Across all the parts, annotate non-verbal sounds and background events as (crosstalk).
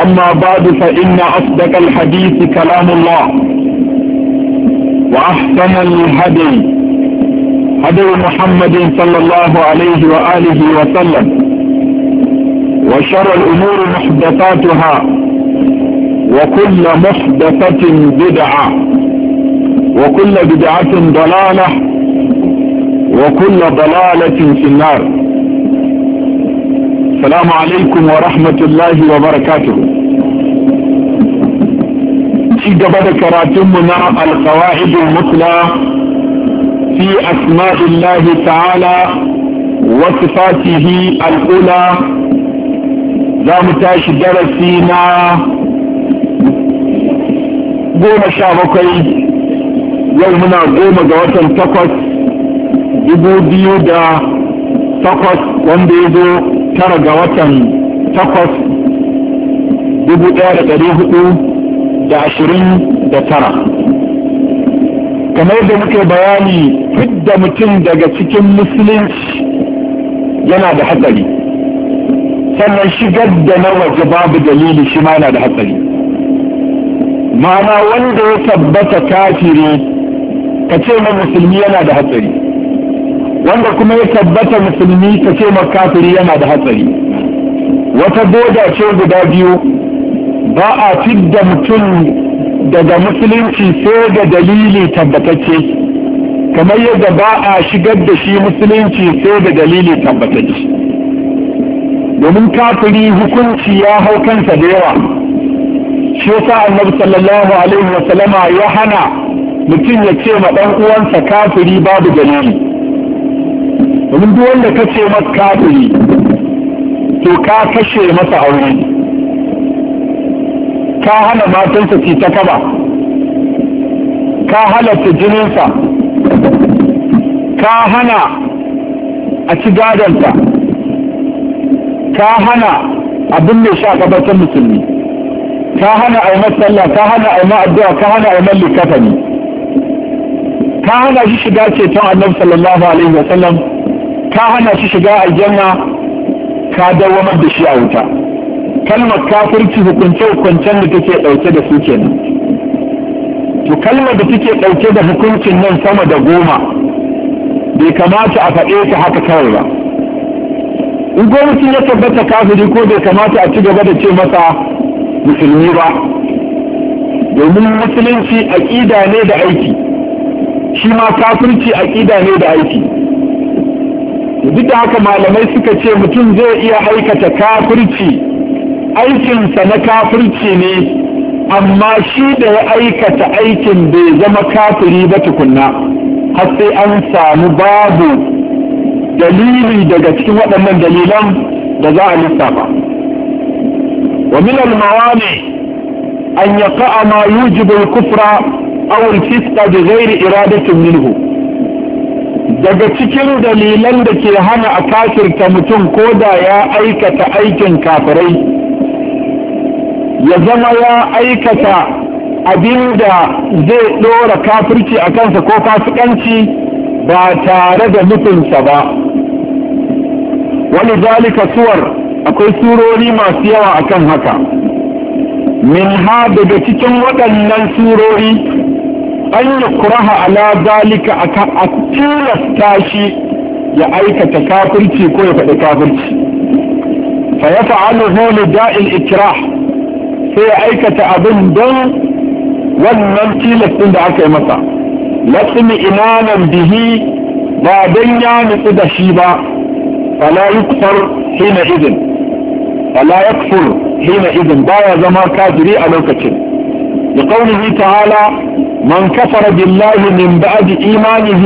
أما بعد فإن أصدق الحديث كلام الله وأحسن الهدي هدي محمد صلى الله عليه وآله وسلم وشر الأمور محدثاتها وكل محدثة بدعة وكل بدعة ضلالة وكل ضلالة في النار السلام عليكم ورحمة الله وبركاته في قبل كراتمنا القواعد المثلى في أسماء الله تعالى وصفاته الأولى زامتاش درسينا قوم شابكي يومنا قوم جواتا تقص جبوديو دا تقص وانبيدو tara ga watan takwas dubu ɗaya da ɗari hudu da ashirin da tara kamar da muke bayani fidda mutum daga cikin musulunci yana da hatsari sannan shigar da na waje babu dalili shi ma yana da hatsari ma'ana wanda ya tabbata kafiri ka ce na musulmi yana da hatsari wanda kuma ya tabbata musulmi ta ce kafiri yana da hatsari wata boda ce guda biyu ba a fidda mutum daga musulunci sai da dalili tabbatacce kamar yadda ba a shigar da shi musulunci sai da dalili tabbatacce domin kafiri hukunci ya hau kansa da yawa shi yasa annabi sallallahu alaihi wasallama ya hana mutum ya ce ma ɗan uwansa kafiri babu dalili domin duk wanda ka ce masa kafiri to ka kashe masa aure ka hana matansa ci ta kaba ka halatta jininsa ka hana a ci gadonsa ka hana abin da sha gabatar musulmi ka hana a yi matsala ka hana a yi ma'addu'a ka hana a yi mallikafani ka hana shi shiga ceton annabi sallallahu alaihi wasallam ka hana shi shiga aljanna ka dawamar da shi a wuta kalmar kafirci hukunce hukuncen da take dauke da su kenan to kalmar da take ɗauke da hukuncin nan sama da goma bai kamata a faɗe ta haka kawai ba in gwamnatin ya tabbata kafiri ko bai kamata a ci gaba da ce masa musulmi ba domin musulunci aƙida ne da aiki shi ma kafirci aƙida ne da aiki duk da haka malamai suka ce mutum zai iya aikata kafirci aikinsa na kafirci ne amma shi da ya aikata aikin bai zama kafiri ba tukunna har sai an samu babu dalili daga cikin waɗannan dalilan da za a lissafa wa min al-mawani an yaqa ma yujibu al-kufra aw al-fisqa bi ghairi iradatin minhu daga cikin dalilan da ke hana a kafirta mutum ko da ya aikata aikin kafirai ya zama ya aikata abin da zai ɗora kafirci a kansa ko fasikanci ba tare da nufinsa ba wani zalika suwar akwai surori masu yawa akan haka min ha daga cikin waɗannan surori an yi kuraha ala zalika a tilasta shi ya aikata kafirci ko ya faɗi kafirci fa ya fa'alu hulu da'il ikirah sai ya aikata abin don wannan tilastin da aka yi masa lasmi imanan bihi ba don ya nutsu da shi ba fala yukfar hina izin fala yakfur hina baya zama kafiri a lokacin لقوله تعالى من كفر بالله من بعد إيمانه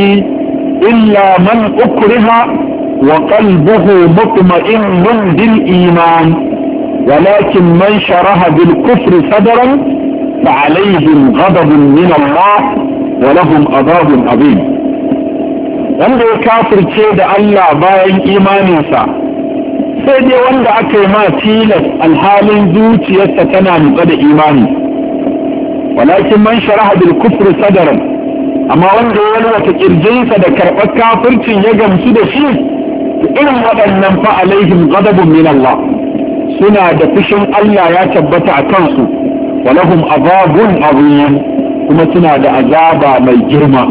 إلا من أكره وقلبه مطمئن بالإيمان ولكن من شره بالكفر صدرا فعليهم غضب من الله ولهم عذاب عظيم عند الكافر kafirce الله Allah bayan imaninsa sai dai wanda aka yi ma tilas alhalin zuciyarsa tana nutsa da imani walakin man sharaha bil kufri sadaran amma wanda ya wata kirjinsa da karɓar kafircin ya gamsu da shi irin waɗannan fa alaihim ghadabun min Allah suna da fushin Allah ya tabbata a kansu walahum azabun azim kuma suna da azaba mai girma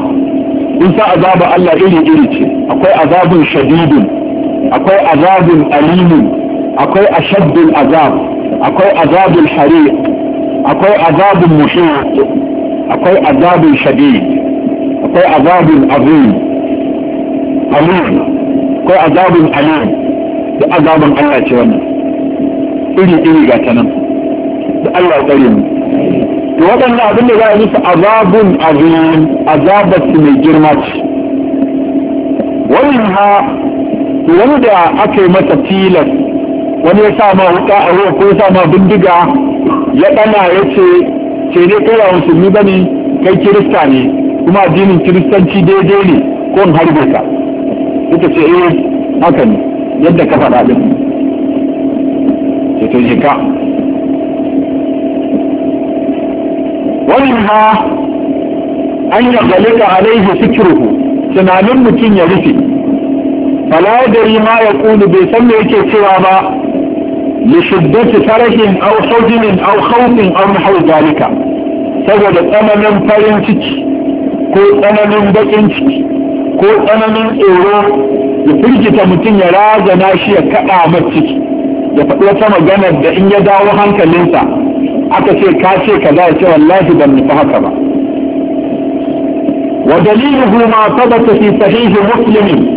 kun sa azaba Allah iri iri ce akwai azabun shadidun akwai azabun alimun akwai ashaddul azab akwai azabul hariq akwai azabin muhim akwai azabin shadid akwai azabin azim alim akwai azabin alim da azabin Allah ce wannan iri iri ga ta nan da Allah tsare mu to waɗannan abin da za a yi su azabun azim azabar su mai girma ce wannan ha wani da aka yi masa tilas wani ya sa ma wuka a ruwa ko ya sa ma bindiga ya ɗana ya ce ce ne kai ba musulmi ba ne kai kirista ne kuma addinin kiristanci daidai ne ko in harbe ka suka ce eh haka ne yadda ka faɗa ɗin ce to ka wani ha an yi galika alaihi fikiruhu tunanin mutum ya rufe fala da ma ya kunu bai san me yake cewa ba lishiddati farahin aw hujnin aw khawfin aw saboda tsananin farin ciki ko tsananin bakin ciki ko tsananin tsoro ya firgita mutum ya razana shi ya kaɗa mai ciki ya faɗi wata maganar da in ya dawo hankalinsa aka ce ka ce kaza ya wallahi ban nufi haka ba ودليله ما ثبت في صحيح مسلم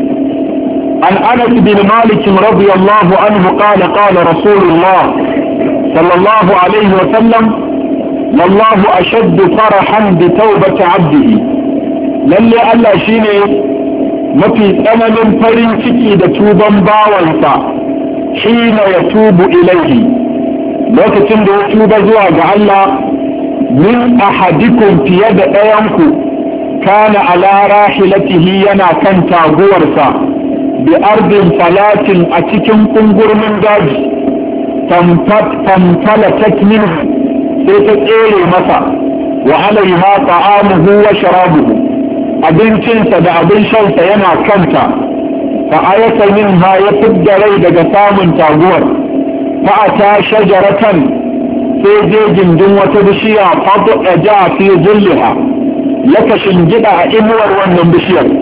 عن انس بن مالك رضي الله عنه قال قال رسول الله صلى الله عليه وسلم والله اشد فرحا بتوبة عبده للي ألا شيني مفي ثمن أمم فرن إذا توبا باوانسا حين يتوب إليه لو تندو توبا زواج على من أحدكم في يد أيامكو كان على راحلته ينا كنتا تاغورسا bi ardin falatin a cikin kungurmin daji tamfala takmin sai ta tsere masa wa alaiha ta'amuhu wa sharabu abincinsa da abin shansa yana kanta fa ayata minha ya fidda rai daga samun taguwar fa ta shajaratan sai je gindin wata bishiya fa ja fi zulliha ya kashin gida a inuwar wannan bishiyar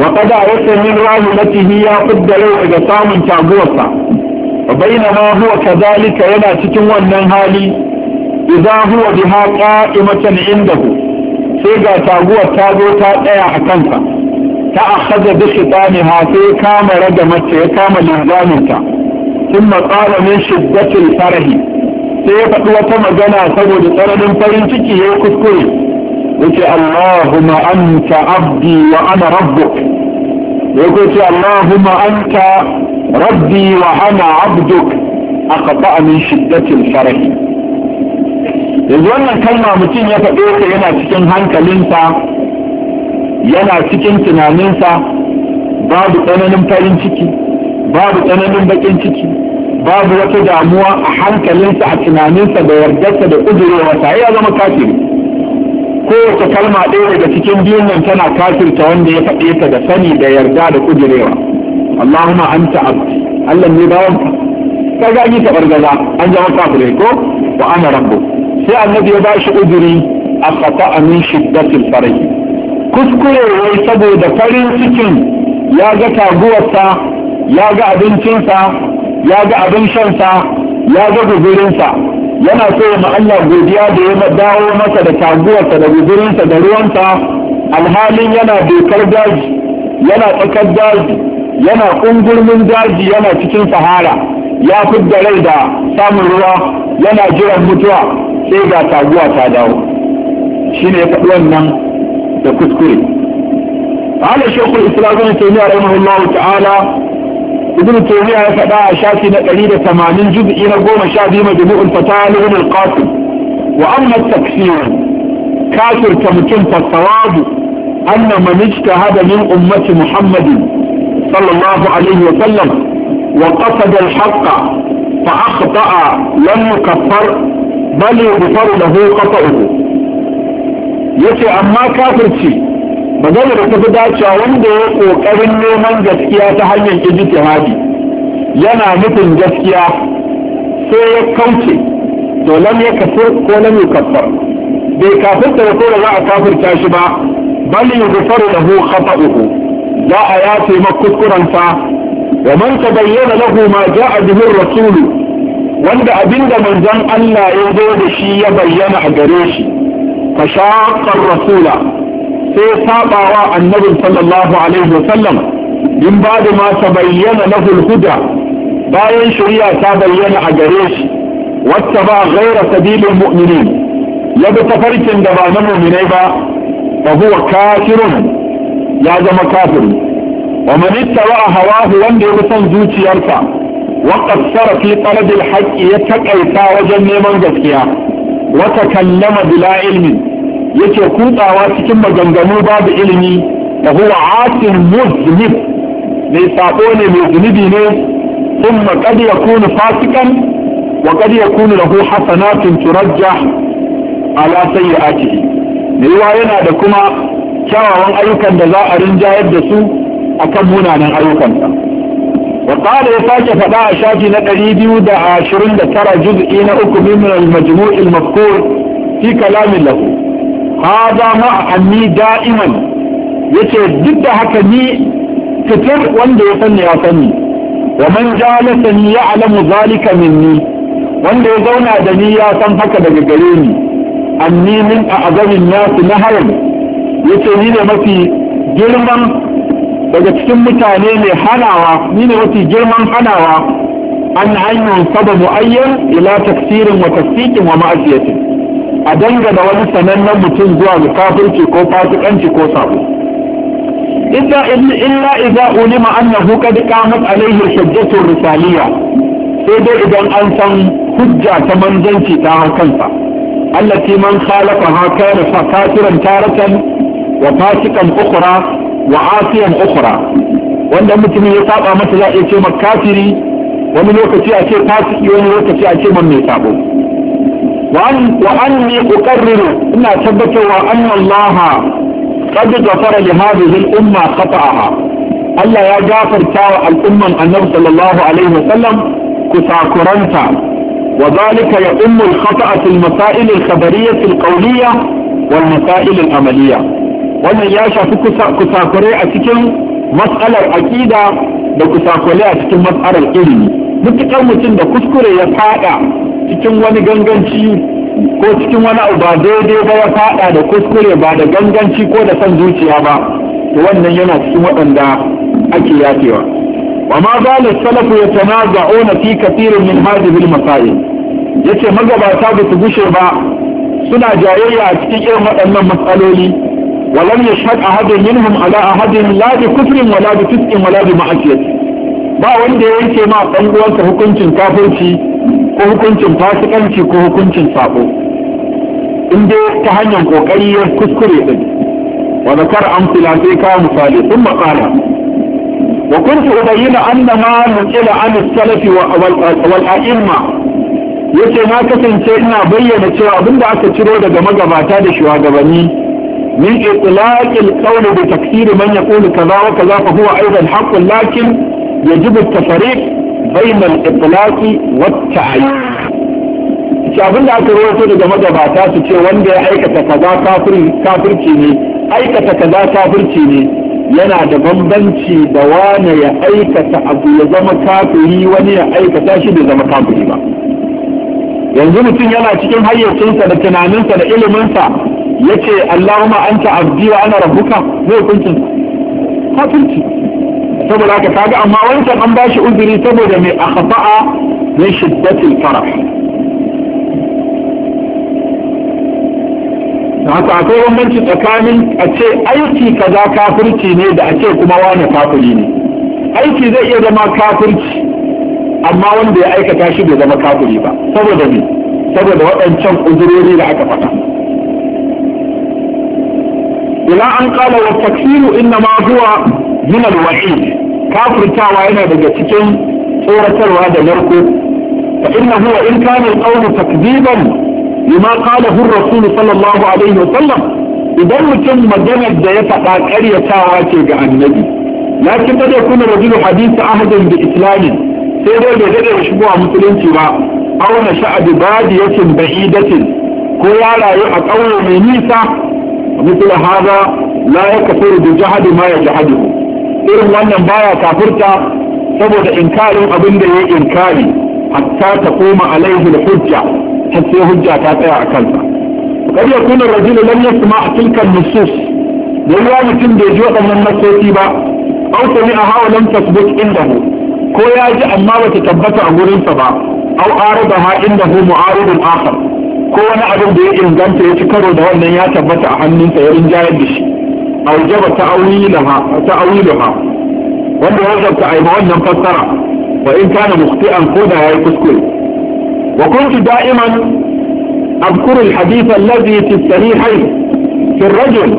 وقد عرفت من رحمته يا قد لو إذا صام تعبوصا وبينما هو كذلك يلا تتوى النهالي إذا هو بها قائمة عنده سيجا تابوة تابوة تابوة حكمتا تأخذ بخطانها في كام رجمت في كام نهدانتها ثم قال من شدة الفرح سيبقى وتمجنا سوى لطرد يوكس يكسكري وكي اللهم أنت عبدي وأنا ربك Allahu اللهم أنت ana abduk عبدك أقطع من شدة الفرح yanzu wannan kalma mutum ya faɗo ta yana cikin hankalinsa yana cikin tunaninsa babu tsananin farin ciki babu tsananin bakin ciki babu wata damuwa a hankalinsa a tunaninsa da yardarsa da ƙudurewarsa ya zama kafiri kowace kalma ɗaya daga cikin biyun nan tana kafirta wanda ya faɗe ta da sani da yarda da kudirewa Allahumma anta abdi Allah ne bawon ka kaga an yi tabargaza an zama kafire ko wa ana rabbu sai annabi ya ba shi udiri a khata min shiddatil farai kuskure wai saboda farin cikin ya ga taguwarsa ya ga abincinsa ya ga abin shansa ya ga gugurinsa yana so ma Allah godiya da ya dawo masa da taguwarsa da guzurinsa da ruwansa alhalin yana dokar daji yana tsakar daji yana kungurmin daji yana cikin sahara ya fidda rai da samun ruwa yana jiran mutuwa sai ga taguwa ta dawo shine ya faɗi wannan da kuskure قال الشيخ الاسلام ابن ta'ala ابن تيمية يفدى شاكي نقليل ثمانين جزء الى قوم شاكي مجموع الفتالهم القاتل واما التكسير كاثر تمتن فالصواب ان من اجتهد من امة محمد صلى الله عليه وسلم وقصد الحق فاخطأ لم يكفر بل يغفر له خطأه يتي اما كاثر شيء magana da tafi dacewa wanda ya kokarin neman gaskiya ta hanyar ijtihadi yana nufin gaskiya sai ya kauce to lam ya kafir ko lam yukaffar bai kafirta da ko da za a kafirta shi ba bal yughfaru lahu khata'uhu za a yafe ma kuskurensa wa man tabayyana lahu ma ja'a bihi ar wanda abinda manzon Allah ya zo da shi ya bayyana a gare shi fa shaqqa ar-rasula sai sabawa annabi sallallahu alaihi wasallam in ba da ma ta bayyana lahul huda bayan shari'a ta bayyana a gare shi wacce ba ghaira sabilin mu'minin ya bi tafarkin da ba na mu'minai ba fa huwa kafirun ya zama kafiri wa man ittaba hawahu wanda ya bi son zuciyarsa wa qassara fi talabil haqqi ya takaita wajen neman gaskiya wa takallama bila ilmin yake kudawa cikin maganganu babu ilimi da huwa asin muzmib mai sako ne mai zunubi ne thumma qad yakunu fasikan wa qad yakunu lahu hasanatun turajjah ala sayyi'atihi yiwa yana da kuma kyawawan ayyukan da za a rinjayar da su akan munanan ayyukansa وقال biyu da ashirin da tara عشرين na uku أكو من المجموع المذكور في kalamin له hada ma anni da'iman yace duk da haka ni fitar wanda ya sani ya sani wa man jalasani ya'lamu zalika minni wanda ya zauna da ni ya san haka daga gare ni anni min a'zamin nas nahayan yace ni ne mafi girman daga cikin mutane mai hanawa ni ne mafi girman hanawa an hanyar saba ayyan ila tafsirin wa tafsikin wa ma'asiyatin a dangana wani sanannen mutum zuwa ga kafirci ko fasikanci ko sabo idda illa idza ulima annahu qad qamat alayhi hujjatu risaliya sai dai idan an san hujja ta manzanci ta kansa allati man khalaqa ha kana fa kafiran taratan wa fasikan ukhra wa asiyan ukhra wanda mutumin ya saba mata za a ce kafiri wani lokaci a ce fasiki wani lokaci a ce man mai sabo وأني أقرر إن أثبت وأن الله قد غفر لهذه الأمة خطأها ألا يا جافر تاو الأمة النبي صلى الله عليه وسلم كساكرنتا وذلك يؤم الخطأ في المسائل الخبرية القولية والمسائل العملية wannan ya shafi kusakurai a cikin matsalar aƙida da kusakurai a cikin matsalar ilimi mutukar mutum da kuskure ya fada cikin wani ganganci ko cikin wani abu ba daidai ba ya fada da kuskure ba da ganganci ko da san zuciya ba to wannan yana cikin waɗanda ake yafewa wa ma zalis salafu ya tanaza'una fi kathirin min hadhihi al-masail yace magabata ba su gushe ba suna jayayya a cikin irin waɗannan matsaloli walam yashhad ahadun minhum ala ahadin la bi kufrin wala bi fisqin wala bi ma'asiyati ba wanda ya yanke ma ɗan uwansa hukuncin kafirci ko hukuncin fasikanci ko hukuncin sabo in dai ta hanyar kokari ya kuskure din wa zakar an filafi ka misali sun maƙala wa kuntu ubayyana anna ma nuqila an salafi wal a'imma yace na kasance ina bayyana cewa abinda aka ciro daga magabata da shugabanni من إطلاق القول بتكثير wa kaza كذا وكذا فهو أيضا lakin ya يجب التفريق bain al-itlaq wa at-ta'yin da aka rawaito daga magabata su ce wanda ya aikata kaza kafirci ne aikata kaza kafirci ne yana da bambanci da wani ya aikata abu ya zama kafiri wani ya aikata shi bai zama kafiri ba yanzu mutum yana cikin hayyacinsa da tunaninsa da iliminsa ya ce Allahumma anta abdi wa ana rabbuka zai hukuncin kafirci saboda haka kaga amma wancan an ba shi uzuri saboda mai akhfa'a min shiddatil farah haka akwai bambanci tsakanin a ce aiki kaza kafirci ne da a ce kuma wane kafiri ne aiki zai iya zama kafirci amma wanda ya aikata shi bai zama kafiri ba saboda ne saboda waɗancan uzurori da aka faɗa ila an kala wa takfiru inna ma zuwa min alwa'i kafirtawa yana daga cikin tsoratarwa da narko fa innahu huwa in kana alqawlu takdiban lima qalahu ar-rasul sallallahu alaihi wa sallam idan mutum maganar da ya faɗa ƙaryatawa ce ga annabi lakin kuna yakuna rajulu hadith ahadin bi islamin sai dai bai dade shigowa musulunci ba aw na sha'abi badiyatin ba'idatin ko ya rayu a ƙauye mai nisa مثل هذا لا ma ya ji يجهده irin wannan baya kafurta saboda inkarin abin da ya inkari hatta ta koma alaihi da hujja har sai hujja ta tsaya a kansa kar ya kuna rajulu lam yasma tilkan nusus dan ya mutum bai ji waɗannan nasosi ba aw sami a hawa lam tasbut indahu ko ya ji amma bata tabbata a gurinsa ba aw arada ha indahu mu'aridun akhar ko wani abin da ya inganta ya ci karo da wannan ya tabbata a hannunsa ya rinjayar da shi أوجب تأويلها تأويلها وإن wajabta a yi وإن كان مخطئا خذها in kana وكنت دائما أذكر الحديث الذي في الصحيحين في الرجل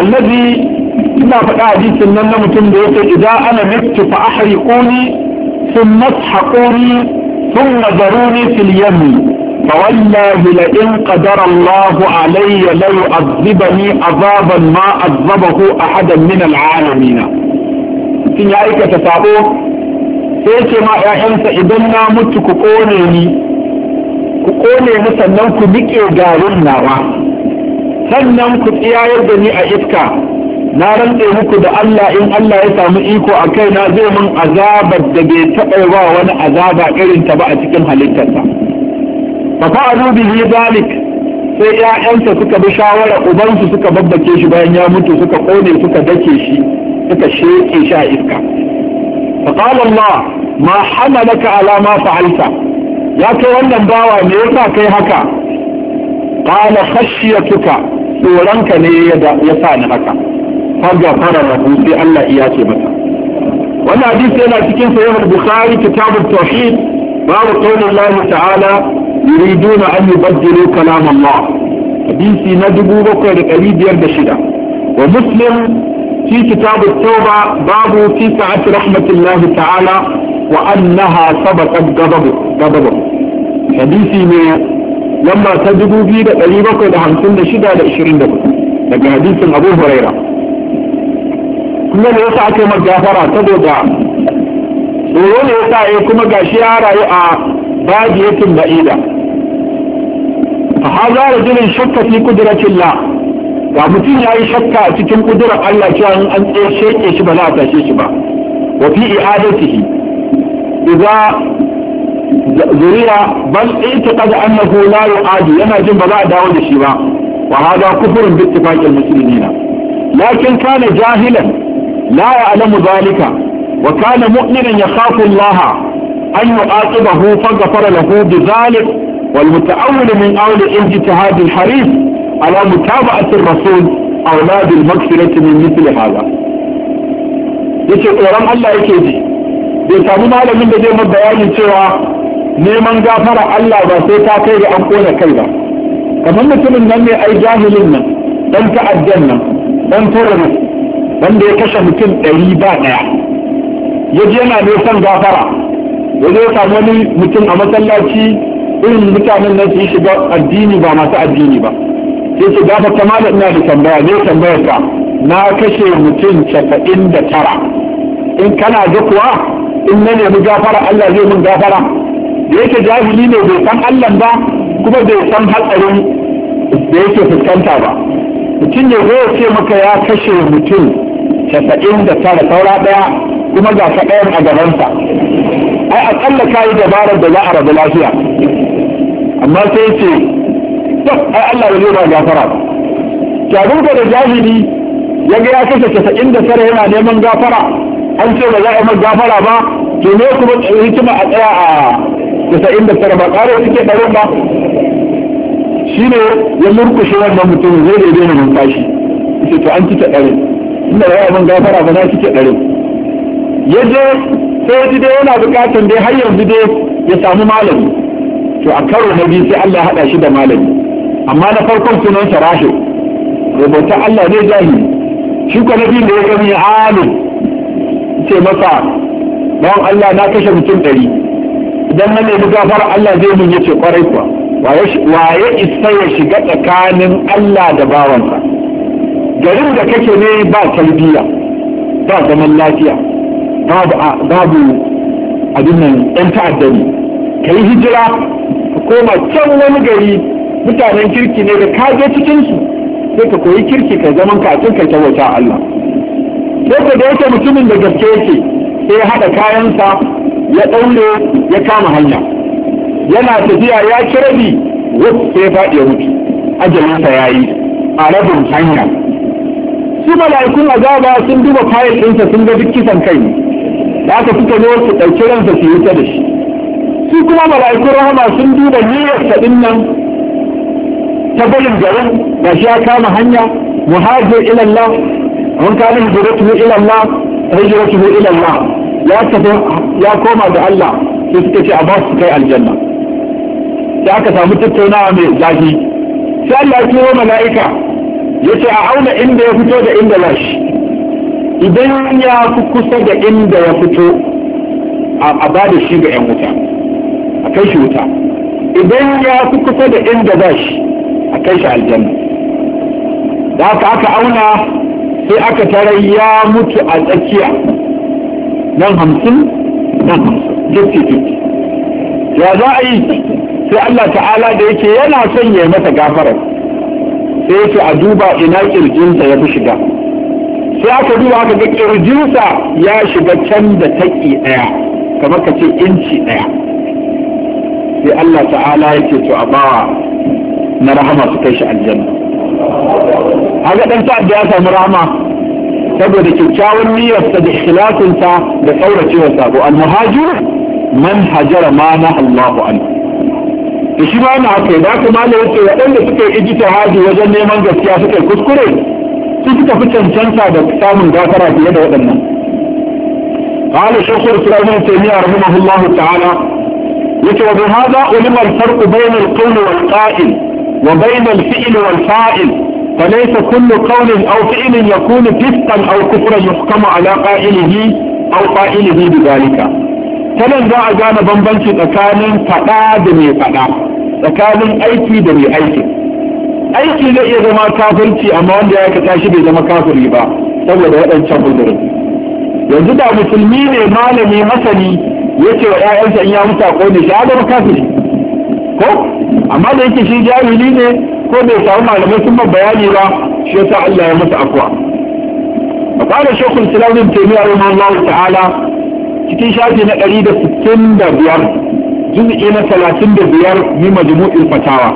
الذي إذا فقع حديث النمى متنبوك إذا أنا مت فأحرقوني ثم اسحقوني ثم ذروني في اليم فوالله لئن قدر الله علي ليعذبني عذابا ما عذبه احدا من العالمين Mutum ya aikata sabo sai ma 'ya'yansa idan na mutu ku kone ni ku kone ni sannan ku miƙe garin nawa sannan ku tsiyayar da ni a iska na rantse muku da Allah in Allah ya samu iko a kai na zai mun azabar da bai taɓa wa wani azaba irin ta ba a cikin halittarsa fa fa'alu bihi dalik sai 'ya'yansa suka bi shawara ubansu suka babbake shi bayan ya mutu suka kone suka dake shi suka sheke shi a iska fa qala Allah ma hamalaka fa'alta ya kai wannan bawa me yasa kai haka qala khashiyatuka tsoronka ne ya sa ni haka faga fara rahu sai Allah ce mata wannan hadisi yana cikin sahih al-bukhari kitab tauhid babu qawlin Allah ta'ala يريدون أن يبدلوا كلام الله حديثي ندبو بك لقريب يردشدة ومسلم في كتاب التوبة باب في سعة رحمة الله تعالى وأنها سبقت غضبه غضبه حديثي من لما تدبو بي قريب بقر همسن شدة لعشرين دبو daga hadisin abu huraira kuma ne yasa ake mar gafara saboda tsoro ne yasa ya kuma gashi ya rayu a bajiyatin ba'ida فhaza rajulun shakka fi qudrati Allah ga mutum yayi shakka a cikin kudurar Allah cewa in an tsaye shi ba za a tashe shi ba wa fi i'adatihi idza zuriya bal i'taqada annahu la yu'adi yana jin ba za a dawo da shi ba wa hada kufrun bi ittifaqil muslimina lakin kana jahilan la ya'lamu dhalika wa kana mu'minan yakhafu Allah an yu'aqibahu faghfara lahu bi dhalik والمتأول من أول اجتهاد الحريص على متابعة الرسول أولاد المغفرة من مثل هذا yake tsoron Allah yake ji bai samu malamin da zai bayanin cewa neman gafara Allah ba sai ta kai da an kona kai ba kamar mutumin nan ne ai jahilin nan dan ta'addan nan dan turmi wanda ya kashe mutum ɗari ba ɗaya ya je yana neman gafara ya zo samu wani mutum a masallaci irin mutanen nan sun shiga addini ba masu addini ba sai su gafa kama da ina da tambaya ne tambayar ka na kashe mutum casa'in da tara in kana ga kuwa in na nemi gafara Allah zai min gafara da yake jahili ne bai san Allah ba kuma bai san hatsarin da yake fuskanta ba mutum ne zai ce maka ya kashe mutum casa'in da tara saura ɗaya kuma ga ka ɗayan a gabansa ai akalla ka yi dabarar da za a rabu lafiya amma sai ce ai Allah ya zai ba gafara to kyabun ka da jahili ya ya kashe casa'in da sare yana neman gafara an ce ba za a yi gafara ba to ne kuma hikima a tsaya a casa'in da sare ba ƙaro suke ɗarin ba shi ne ya murkushe wannan mutum zai da daina numfashi ce to an cike ɗarin inda ba za a gafara ba na cike ɗarin ya je sai ya ji dai yana buƙatar dai har yanzu dai ya samu malami to a karo na biyu sai Allah ya haɗa shi da malami amma na farkon sunan sa rahi rubuta Allah ne jahili shi ko na biyu da ya gani alim ce masa don Allah na kashe mutum ɗari idan na nemi gafara Allah zai mun yace kwarai kuwa ya isa ya shiga tsakanin Allah da bawansa garin da kake ne ba talbiya ba zaman lafiya babu abin nan 'yan ta'addani ka yi hijira ka koma can wani gari mutanen kirki ne da ka je cikinsu sai ka koyi kirki ka zaman kafin ka kyauta Allah sai ka da yake mutumin da gaske yake sai ya haɗa kayansa ya ɗaure ya kama hanya yana tafiya ya ci rabi wasu sai faɗi ya mutu ajalinsa ya yi a rabin hanya su mala'ikun azaba sun duba kayan ɗinsa sun ga duk kisan kai ne. da aka suka zo su ɗauki ransa su yi ta da shi su kuma mala'ikun rahama sun duba niyyarsa din nan ta bayin garin ba shi ya kama hanya muhajir ila Allah mun kana hijratuhu ila Allah hijratuhu ila Allah ya tafi ya koma ga Allah sai suka ce a ba su kai aljanna sai aka samu tattaunawa mai zafi sai Allah ya kiro mala'ika ya ce a auna inda ya fito da inda ba shi idan ya fi kusa da inda ya fito a ba da shi ga 'yan wuta a kai shi wuta idan ya fi kusa da inda ba shi a kai shi aljanna da haka aka auna sai aka tarar ya mutu a tsakiya nan hamsin nan hamsin ya za a yi sai Allah ta'ala da yake yana son ya yi masa gafarar sai yake a duba ina kirjinsa ya fi shiga sai aka duba aka ga kirjinsa ya shiga can da taƙi ɗaya kamar ka ce inci ɗaya في الله تعالى يكي تعبا مرحمة تكيش عن جنة هذا انت عدي اثر مرحمة تبدو تتشاور لي يستد اختلاف انت بثورة جوة المهاجر من هجر ما نهى الله عنه ايش انا اكي ذاك ما لو انت انا لك اجي تهاجي وجنة من قد سياسك الكسكري سيكي تفتن شنسا بكسام غافرات يده وقنا قال الشيخ الاسلام ابن تيميه رحمه الله تعالى لكن وبهذا علم الفرق بين القول والقائل وبين الفئل والفائل فليس كل قول او فئل يكون فسقا او كفرا يحكم على قائله او قائله بذلك فلن ذا اجانا بمبنش اكالين فقا دمي فقا اكالين ايتي دمي ايتي ايتي لئي ايه زما كافرتي امان لئي كتاشي بي زما كافري با سوى دا ايه انشاب الدرد مسلمين مالمي مسلي yake wa ƴaƴansa in ya mutu ko ne shi adam kafiri ko amma da yake shi jahili ne ko bai samu malamai sun ba bayani ba shi yasa Allah ya masa akwa فقال شيخ الاسلام ابن تيميه رحمه الله تعالى cikin shafi na 165 juz'i na 35 min majmu'il fatawa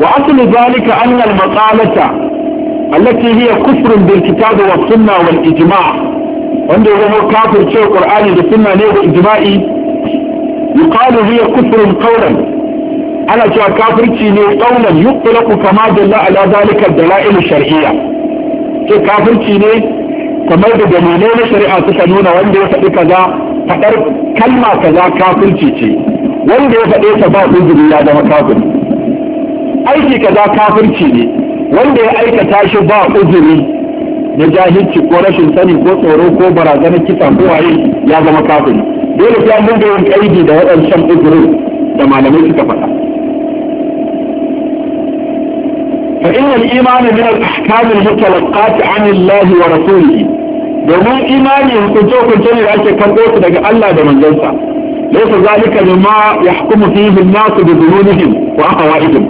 wa aslu dhalika anna al maqalata allati hiya kufr bil kitab wa sunnah wal ijma' wanda ya zama kafir cewa qur'ani da sunna ne da ijma'i yuqalu hiya kufrun qawlan ana cewa kafirci ne qawlan yuqlaqu kama dalla ala zalika dalail shar'iyya ce kafirci ne kamar da dalilai na shari'a suka nuna wanda ya faɗi kaza faɗar kalma kaza kafirci ce wanda ya faɗe ta ba uzuri ya zama kafir aiki kaza kafirci ne wanda ya aikata shi ba uzuri na jahilci ko rashin sani ko tsoro ko barazana kisa ko waye ya zama kafiri dole sai an dinga yin kaidi da waɗancan uzurin da malamai suka faɗa فإن الإيمان من الأحكام المتلقاة عن wa rasulihi domin imani hukunce-hukunce ne da ake karɓo su daga Allah da manzansa laisa zalika mimma yahkumu fihi an-nas bi dhunubihim wa aqwa'ihim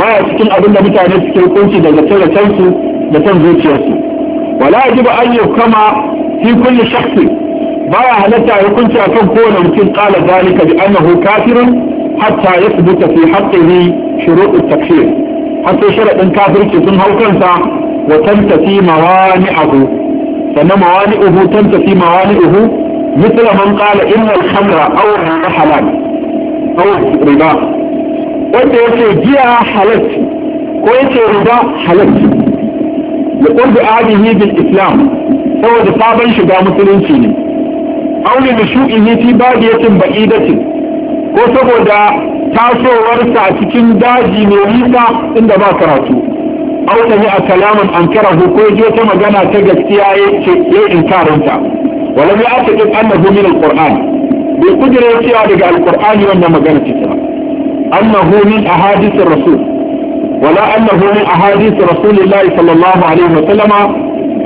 baya cikin abin da mutane suke hukunci daga tsare da san zuciyarsu ولا يجب أن يحكم في كل شخص ما أهلتا يكنت أكون كون مثل قال ذلك بأنه كافر حتى يثبت في حقه شروط التكفير حتى شرط كافر تكون هو كنسا وتنتفي موانعه فان موانعه تنتفي موانعه مثل من قال إن الخمر أو حلال أو رباء وإنت يقول جيا حلت وإنت رباء حلت da ƙurbi ahadihi islam saboda sabon shiga musulunci ne ba da shu'ihi fi badiyatin ba'idatin ko saboda tasowarsa a cikin daji mai nisa inda ba karatu aw sami a kalaman Ankara, karahu ko je ta magana ta gaskiya ya inkarinta walam ya aka kin annahu min alquran bai kudure cewa daga alqur'ani wannan magana ce ta annahu min ahadithir rasul ولا أنه من أحاديث رسول الله صلى الله عليه وسلم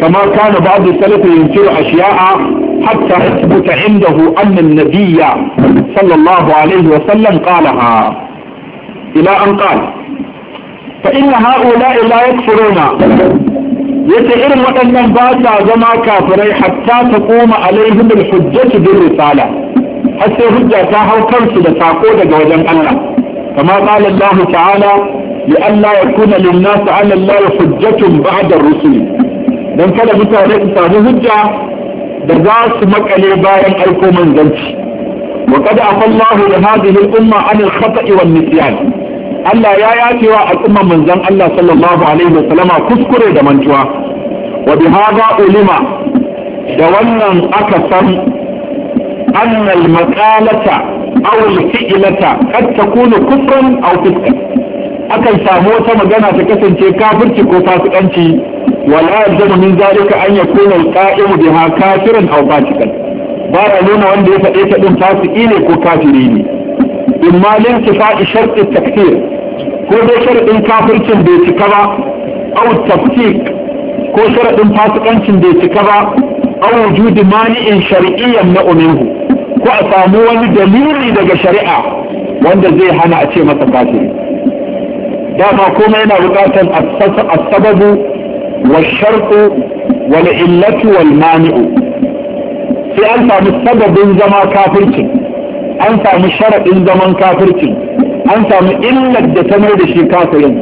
كما كان بعض السلف ينكر أشياء حتى يثبت عنده أن النبي صلى الله عليه وسلم قالها إلى أن قال فإن هؤلاء لا يكفرون أن من باسا زما كافري حتى تقوم عليهم الحجة بالرسالة حتى هجة تاهو كنس لتاقود جوجا الله كما قال الله تعالى لئلا يكون للناس على الله حجة بعد الرسل dan kada mutane su samu hujja da za su makale bayan aiko manzanci wa kada afallahu da hadhihi al-umma an al-khata'i wan nisyan Allah ya yace wa al'umman manzan Allah sallallahu alaihi wa sallama kuskure da mantuwa wa bi hadha ulima da wannan aka san anna al-maqalata aw al-fi'lata kad takunu kufran aw fisqan akan samu wata magana ta kasance kafirci ko fasikanci wala yalzamu min zalika an yakuna al-qa'imu biha kafiran aw fasikan ba ya nuna wanda ya faɗe ta din fasiki ne ko kafiri ne in ma lin tifa'i shart takfir ko dai sharadin kafircin bai cika ba aw tafsik ko sharadin fasikancin bai cika ba aw wujudi mani'in shar'iyyan na minhu ko a samu wani dalili daga shari'a wanda zai hana a ce masa kafiri dama kuma yana buƙatar asababu wa sharku wal illatu wal mani'u sai an samu sababin zama kafircin an samu sharaɗin zaman kafircin an samu illar da ta mai da shi kafirin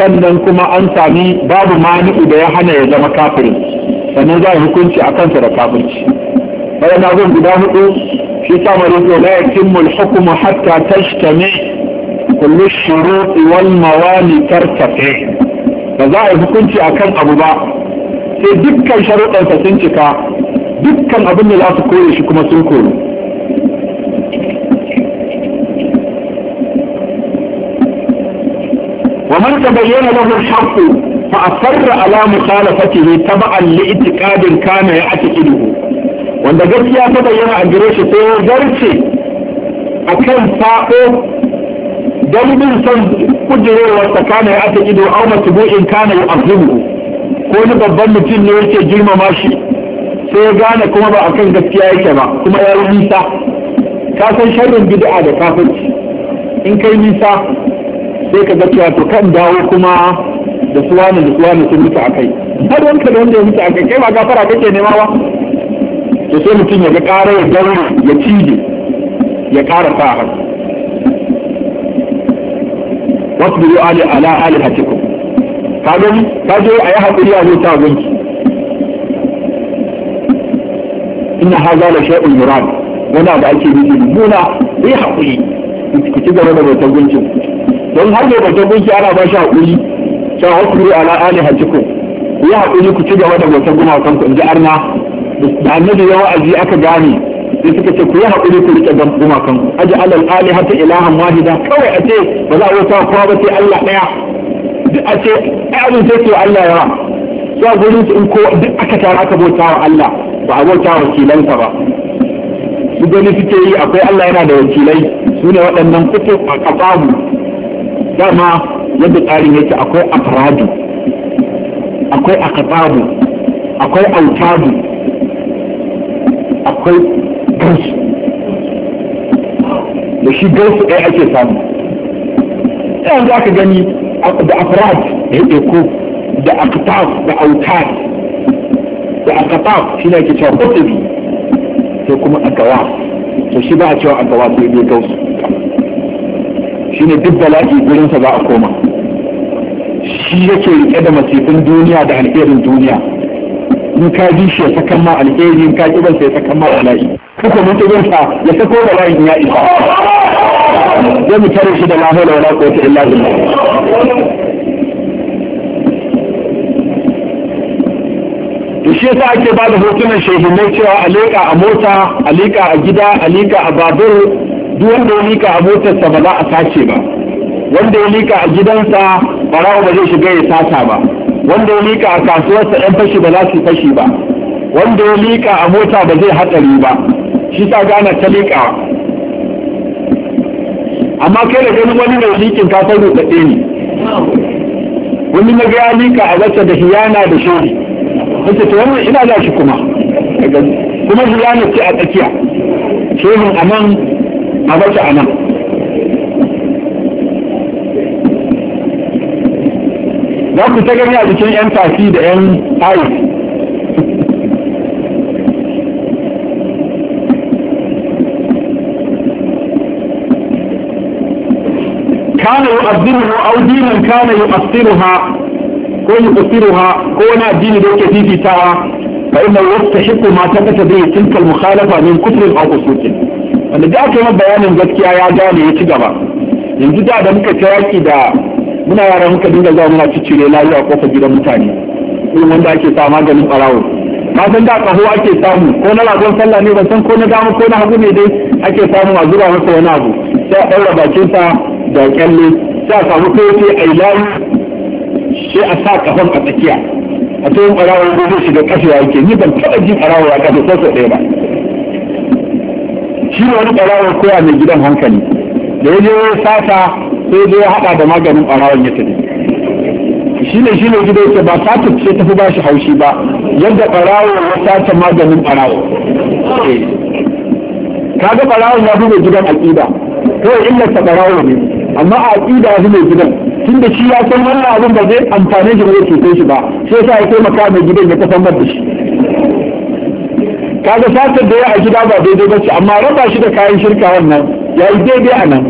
sannan kuma an sami babu mani'u da ya hana ya zama kafirin sannan za a hukunci a kansa da kafirci bayan na guda hudu shi sa mara la yatimmu al-hukmu hatta tashtami كل الشروط والموالي ترتفع فزاي حكمتي اكن ابو با في دكا شروط تسنتك دكا ابن لا تقول شي كما ومن تبين له الحق فأصر على مخالفته تبعا لإتقاد كان يعتقده وعند قد يا تبين أن جريش سيغرسي أكن فاقه wani san son kujerewa tsakanin aka ido au matubu'in kana ya azumu ko ni babban mutum ne yake girmama shi sai ya gane kuma ba akan gaskiya yake ba kuma ya yi nisa ka san sharrin bid'a da kafirci in kai nisa sai ka gaskiya to kan dawo kuma da suwanin da suwanin sun mutu akai har wanka da wanda ya mutu akai kai ba gafara kake nema ba to sai mutum ya ga ƙara ya gaura ya cije ya ƙara sa wasbiru ali ala ali ka ga ka zo ayi hakuri a zuwa gunki inna hadha la shay'un murad wanda da ake nufi muna yi hakuri ku ci gaba da bautar gunkin don har da bautar gunki ana ba shi hakuri cewa wasbiru ala alihatikum ku yi hakuri ku ci gaba da bautar gumakan ku in ji arna da annabi ya wa'azi aka gane sai suka ce ku yi haƙuri ku riƙe gumakan ku aji alal alihata ilahan wahida kawai a ce ba za a wata kowa ba sai Allah ɗaya duk a ce ai abin sai to Allah yawa su a gurin su in ko duk aka tara aka bauta wa Allah ba a bauta wa ba su gani suke yi akwai Allah yana da wakilai su ne waɗannan kutu a kafamu dama yadda tsarin yake akwai afradu akwai akababu akwai autabu akwai gansu da shi gansu ɗaya ake samu yan za ka gani da afrad da yake ko da aktaf da autar da aktaf shi ne ke cewa kotobi sai kuma agawa to shi ba a cewa agawa sai bai wasu. shi ne duk bala'i gurinsa za a koma shi yake rike da masifin duniya da alherin duniya in ka ji shi ya sakan ma alheri in ka ƙi ban sai ya sakan ma bala'i kuka mutu ya sako bala'in ya isa ya mu tare shi da la hawla wala illa billah to shi yasa ake ba da hotunan shehimai cewa a leƙa a mota a a gida a a babur duk wanda ya leƙa a motarsa ba za a sace ba wanda ya leƙa a gidansa barawa ba zai shiga ya sata ba wanda ya leƙa a kasuwarsa ɗan fashi ba za su fashi ba wanda ya leƙa a mota ba zai hatsari ba shi sa gana ta liƙa. amma kai da ganin wani mai likin ka san rutsatse ne wani na ga lika a wacce da hiyana da shari kace to wannan ina za shi kuma kuma hiyana ce a tsakiya shehun anan a wacce anan za ku ta gani a cikin yan tafi da yan ayi kana yu'azzimuhu aw dinan kana yu'assiruha ko yuqsiruha ko wani addini da yake fifitawa fa inna yastahiqu ma taqata bihi tilka al-mukhalafa min kufrin aw fusuqin wanda da aka yi bayanin gaskiya ya gane ya ci gaba yanzu da da muka da muna yara muka dinga zuwa muna ciccire layu a ko gidan mutane irin wanda ake sa maganin barawo na da kaho ake samu ko na ragon sallah ne ban san ko na dama ko na hagu ne dai ake samu a zuba masa wani abu sai a ɗaura bakinsa da kyalle sai a samu kofi a yi layi sai a sa kafan a tsakiya a tsohon ɓarawar gobe shiga kashewa yake ni ban taɓa jin ɓarawar a kashe sau ɗaya ba shi ne wani ɓarawar koya mai gidan hankali da ya je ya sata sai zai haɗa da maganin ɓarawar ya tafi shi ne shi ne gida yake ba sata ce tafi ba shi haushi ba yadda ɓarawar ya sata maganin ɓarawar eh. kaga ɓarawar ya fi mai gidan aƙida kawai illar ta ɓarawar ne amma a aqida yanzu mai gidan tunda shi ya san wannan abin ba zai amfane shi ba zai cuce shi ba sai sa ya taimaka mai gidan ya kasamar da shi kaga satar da ya a gida ba daidai ba ce amma raba shi da kayan shirka wannan ya yi daidai a nan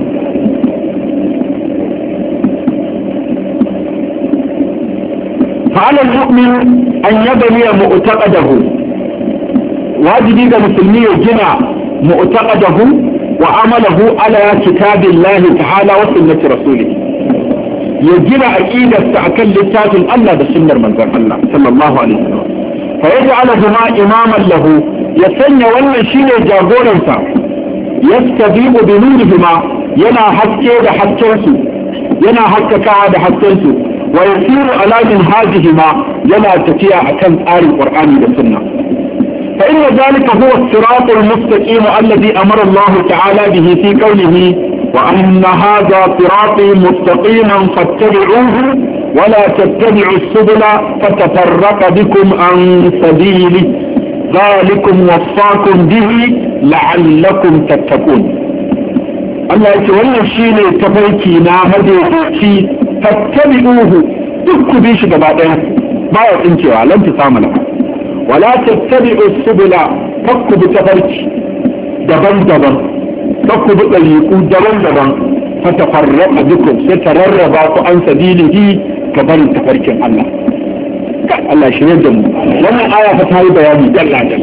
fa'alar mu'min an yabani ya mu'taqadahu wajibi ga musulmi ya gina mu'taqadahu wa amalahu ala kitabillahi ta'ala wa sunnati rasulih ya gina aqidarsa akan littafin Allah da sunnar manzon Allah sallallahu alaihi wasallam fa yaj'aluhuma imaman lahu ya sanya wannan shine jagoransa yastabibu bi nurihima yana haske da haskensu yana haskakawa da haskensu wa yasiru ala hima yana tafiya akan tsarin qur'ani da sunna فإن ذلك هو الصراط المستقيم الذي أمر الله تعالى به في قوله وأن هذا صراطي مستقيما فاتبعوه ولا تتبعوا السبل فتفرق بكم عن سبيله ذلكم وصاكم به لعلكم تتقون Allah yake wannan shi ne tafarki na madaidaici fattabi'uhu duk ku bi shi gaba ɗaya ba ya tsincewa lan ta samu ولا تتبعوا السبل فكبوا تفرج دبن دبن فكبوا تليقوا دبن دبن فتفرق بكم ستررب عن سبيله كبر تفرج الله الله شنو دم وما آية فتاي بياني جل جل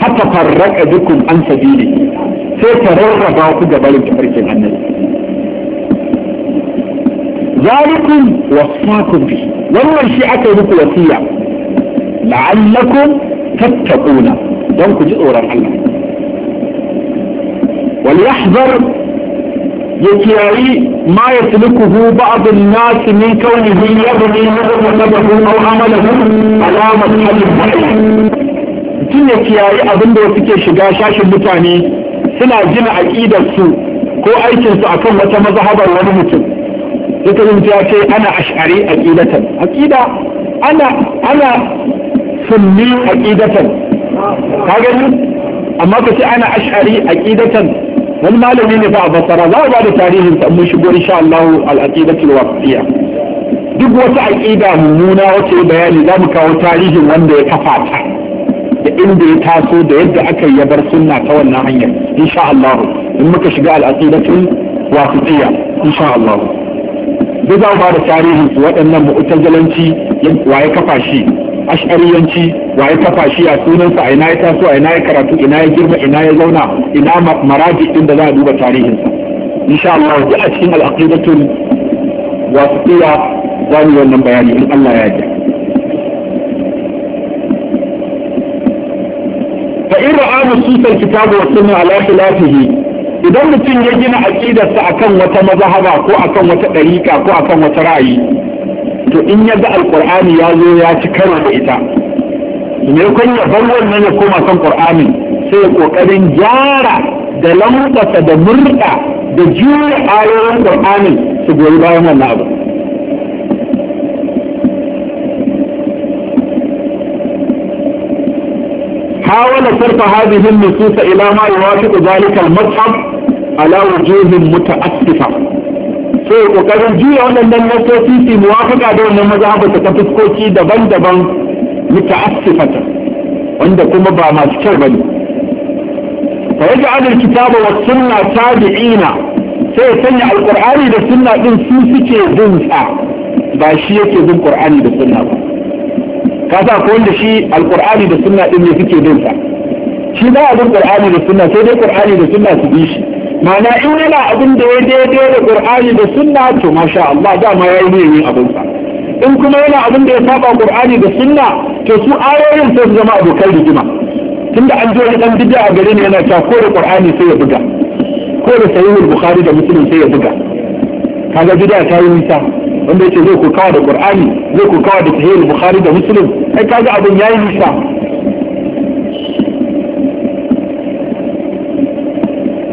فتفرق بكم عن سبيله ستررب عن جبل تفرج الله ذلكم وصاكم به ولا شيء أكل la'allakum tattaquna don ku ji tsoron Allah wal yahzar ya kiyayi ma ya sulukuhu ba'd an-nas min kawnihi yabni mu'tadahu aw amalahu ala madhhab mutum ya kiyayi abin da suke shiga shashin mutane suna gina su ko aikinsu akan wata mazhabar wani mutum ita yin ce ana ash'ari aqidatan aqida ana ana sunni ƙidatan, ka gani amma ka ce ana ash'ari ƙidatan. wani malami ne fa a basara za a ba da tarihin sa mun shigo insha Allah al-aqidatul waqtiya duk wata aqida mummuna wace bayani za mu kawo tarihin wanda ya kafa ta da inda ya taso da yadda aka yi bar sunna ta wannan hanyar insha Allah in muka shiga al-aqidatul waqtiya insha Allah duk za mu ba da tarihin su waɗannan mu'tazilanci wa ya kafa shi ash'ariyanci wa ya kafa shi a sunansa a ina ya taso a ina ya karatu ina ya girma ina ya zauna ina maraji din da za a duba tarihinsa insha Allah duk a cikin al'aqidatul wasiya za mu wannan bayani in Allah ya yarda fa in ra'a nususan kitabu wa sunna ala khilafihi idan mutum ya gina aqidarsa akan wata mazhaba ko akan wata dariƙa ko akan wata ra'ayi to in ya ga alqur'ani ya zo ya ci karo da ita me kun ya bar wannan ya koma kan qur'ani sai kokarin jara da lambata da murda da jure ayoyin qur'ani su goyi bayan wannan abu حاول صرف هذه النصوص إلى ما يوافق ذلك المصحف على وجوه متأسفة so kokarin juya waɗannan nasosi su muwafaka da wannan mazhabar ta fuskoki daban-daban muta'assifata wanda kuma ba masu kyau bane fa yaj'al al-kitaba wa sunna tabi'ina sai ya sanya alqur'ani da sunna din su suke bin sa ba shi yake bin qur'ani da sunna ba kasa ko wanda shi alqur'ani da sunna din ne suke bin sa shi ba a bin qur'ani da sunna sai dai qur'ani da sunna su bi shi mana in yana abin da ya daidai da qur'ani da sunna to masha Allah dama yayi ne yin abin sa in kuma yana abin da ya saba qur'ani da sunna to su ayoyin sai su zama abokan rigima tunda an je dan bid'a a gare ne yana ta ko da qur'ani sai ya buga ko da sahihul bukhari da muslim sai ya buga kaga bid'a ta yi nisa wanda yake zai ku kawo da qur'ani zai ku kawo da sahihul bukhari da muslim ai kaga abin yayi nisa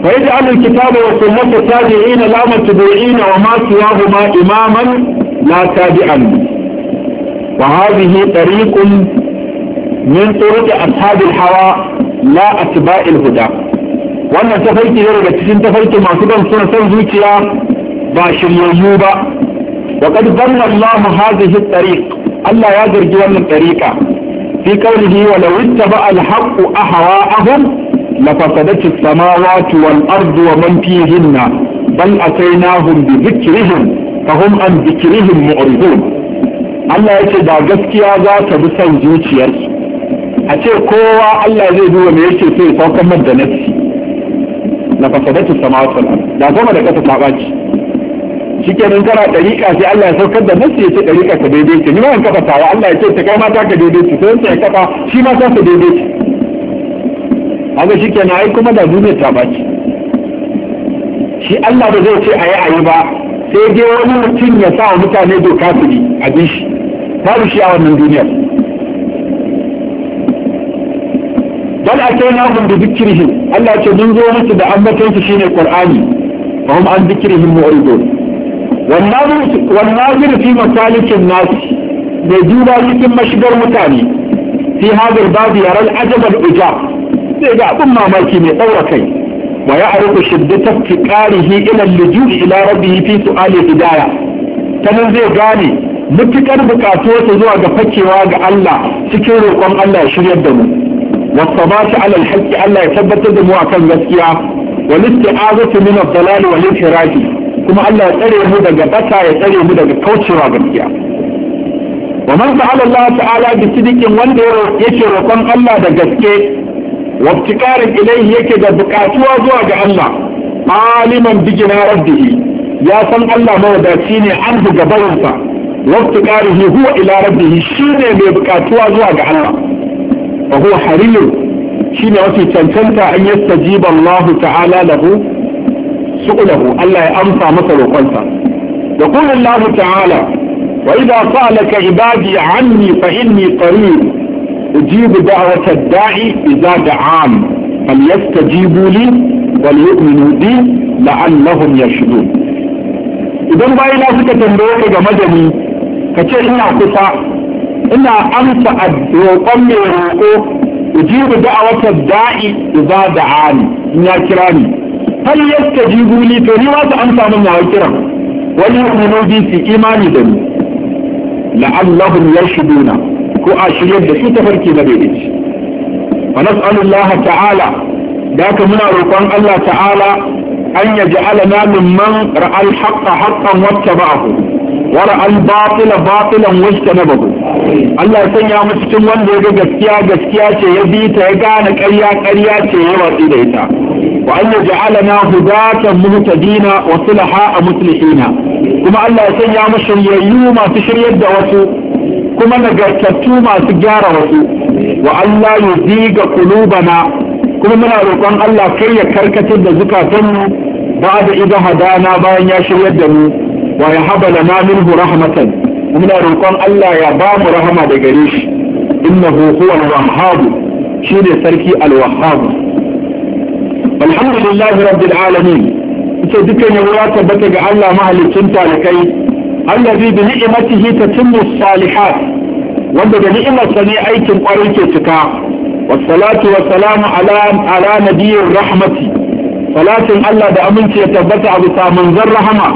ويجعل الكتاب والسنة تابعين لا متبوعين وما سواهما إماما لا تابعا وهذه طريق من طرق أصحاب الحواء لا أتباع الهدى وأنا سفيت غير بكسين تفيت ما سبا سنة سنزوكيا باش ميوبا وقد ظن الله هذه الطريق ألا يادر جوان الطريقة في قوله ولو اتبع الحق أهواءهم لفسدت السماوات والأرض ومن فيهن بل أتيناهم بذكرهم فهم عن ذكرهم معرضون الله يتي دا غسكي آزا تبسان جوتي يرس أتي قوة الله يزي دو ومي يتي في فوق مدى نفسي لفسدت السماوات والأرض دا زوما دا كتب لغاج شكي ننزل على طريقة في الله يسوي كدا نفسي يتي طريقة تبيبيتي نما ينكفتها الله يتي تكاما تاكا بيبيتي فإنسي ينكفتها شما تاكا بيبيتي haka shi kenan ai kuma da duniya ta baci shi Allah da zai ce ayi ayi ba sai dai wani mutum ya sa wa mutane doka su bi abin shi babu shi a wannan duniyar na atainahum bi dhikrihim Allah ce mun zo musu da ambaton su shine Qur'ani fa hum an dhikrihim mu'ridun wan nazir fi masalikin nas mai duba cikin mashigar mutane fi hadar babu yaral ajab al ujab zai ga abin mamaki mai ɗaura kai wa ya arifu shiddata ƙarihi ila lujui ila rabbihi fi su'ali hidaya tanan zai gane mutukar bukatuwarsa zuwa ga fakewa ga Allah cikin roƙon Allah ya shiryar da mu wasabati ala alhaqi Allah ya tabbatar da mu akan gaskiya wal isti'azatu min ad-dalal wal infiraji kuma Allah ya tsare mu daga bata ya tsare mu daga kaucewa gaskiya wa man sa'ala Allah ta'ala bi sidiqin wanda yake roƙon Allah da gaske وابتكار إليه يكد بقاتوا زوا الله عالما بجنا ربه يا سن الله ما وداتيني عنه قبلنسا وابتكاره هو إلى ربه شيني بقاتوا زوا الله وهو حري شيني وفي تنتنت أن يستجيب الله تعالى له سؤله ألا أمسى مثل وقلت يقول الله تعالى وإذا سألك عبادي عني فإني قريب أجيب دعوة الداعي إذا دعان فليستجيبوا لي وليؤمنوا بي لعلهم يشهدون idan bayina suka tambaye ka game da ni ka ce ina kusa ina amsa a roƙon mai roƙo ujibu da'awatar da'i idza da'ani in ya kira ni hal yastajibu li to ni ma su amsa min ya kira wani yu'minu bi su imani da ni la'allahum yashhaduna ko a shiryar da su farke na daidaici wa nas'alullah ta'ala da muna roƙon Allah ta'ala an ya ja'alana mimman ra'al haqqa haqqan wattaba'ahu wa ra'al batila batilan wajtanabahu Allah sanya mu cikin wanda ya ga gaskiya gaskiya ce ya bi ta ya gane ƙarya ƙarya ce ya watsi da ita wa an yaj'alana hudatan muhtadina wa sulaha muslihina kuma Allah ya sanya mu shiryayyu masu shiryar da wasu kuma nagartattu masu gyara wasu wa Allah ya ziga kulubana kuma muna roƙon Allah kai ya karkatar da zukatanmu ba da idan hadana bayan ya shiryar da mu wa ya haba lana minhu rahmatan muna roƙon Allah ya ba mu rahama da gare shi innahu huwal wahhab shi ne sarki al-wahhab alhamdulillahi rabbil alamin ita dukkan yabo ya tabbata ga Allah mahalicin talakai allazi bi ni'matihi tatimmu salihat wanda da ni'imarsa ne aikin kwarai ke cika wassalatu wassalamu ala nabiyyin rahmati salatin Allah da aminci ya tabbata a bisa manzon rahama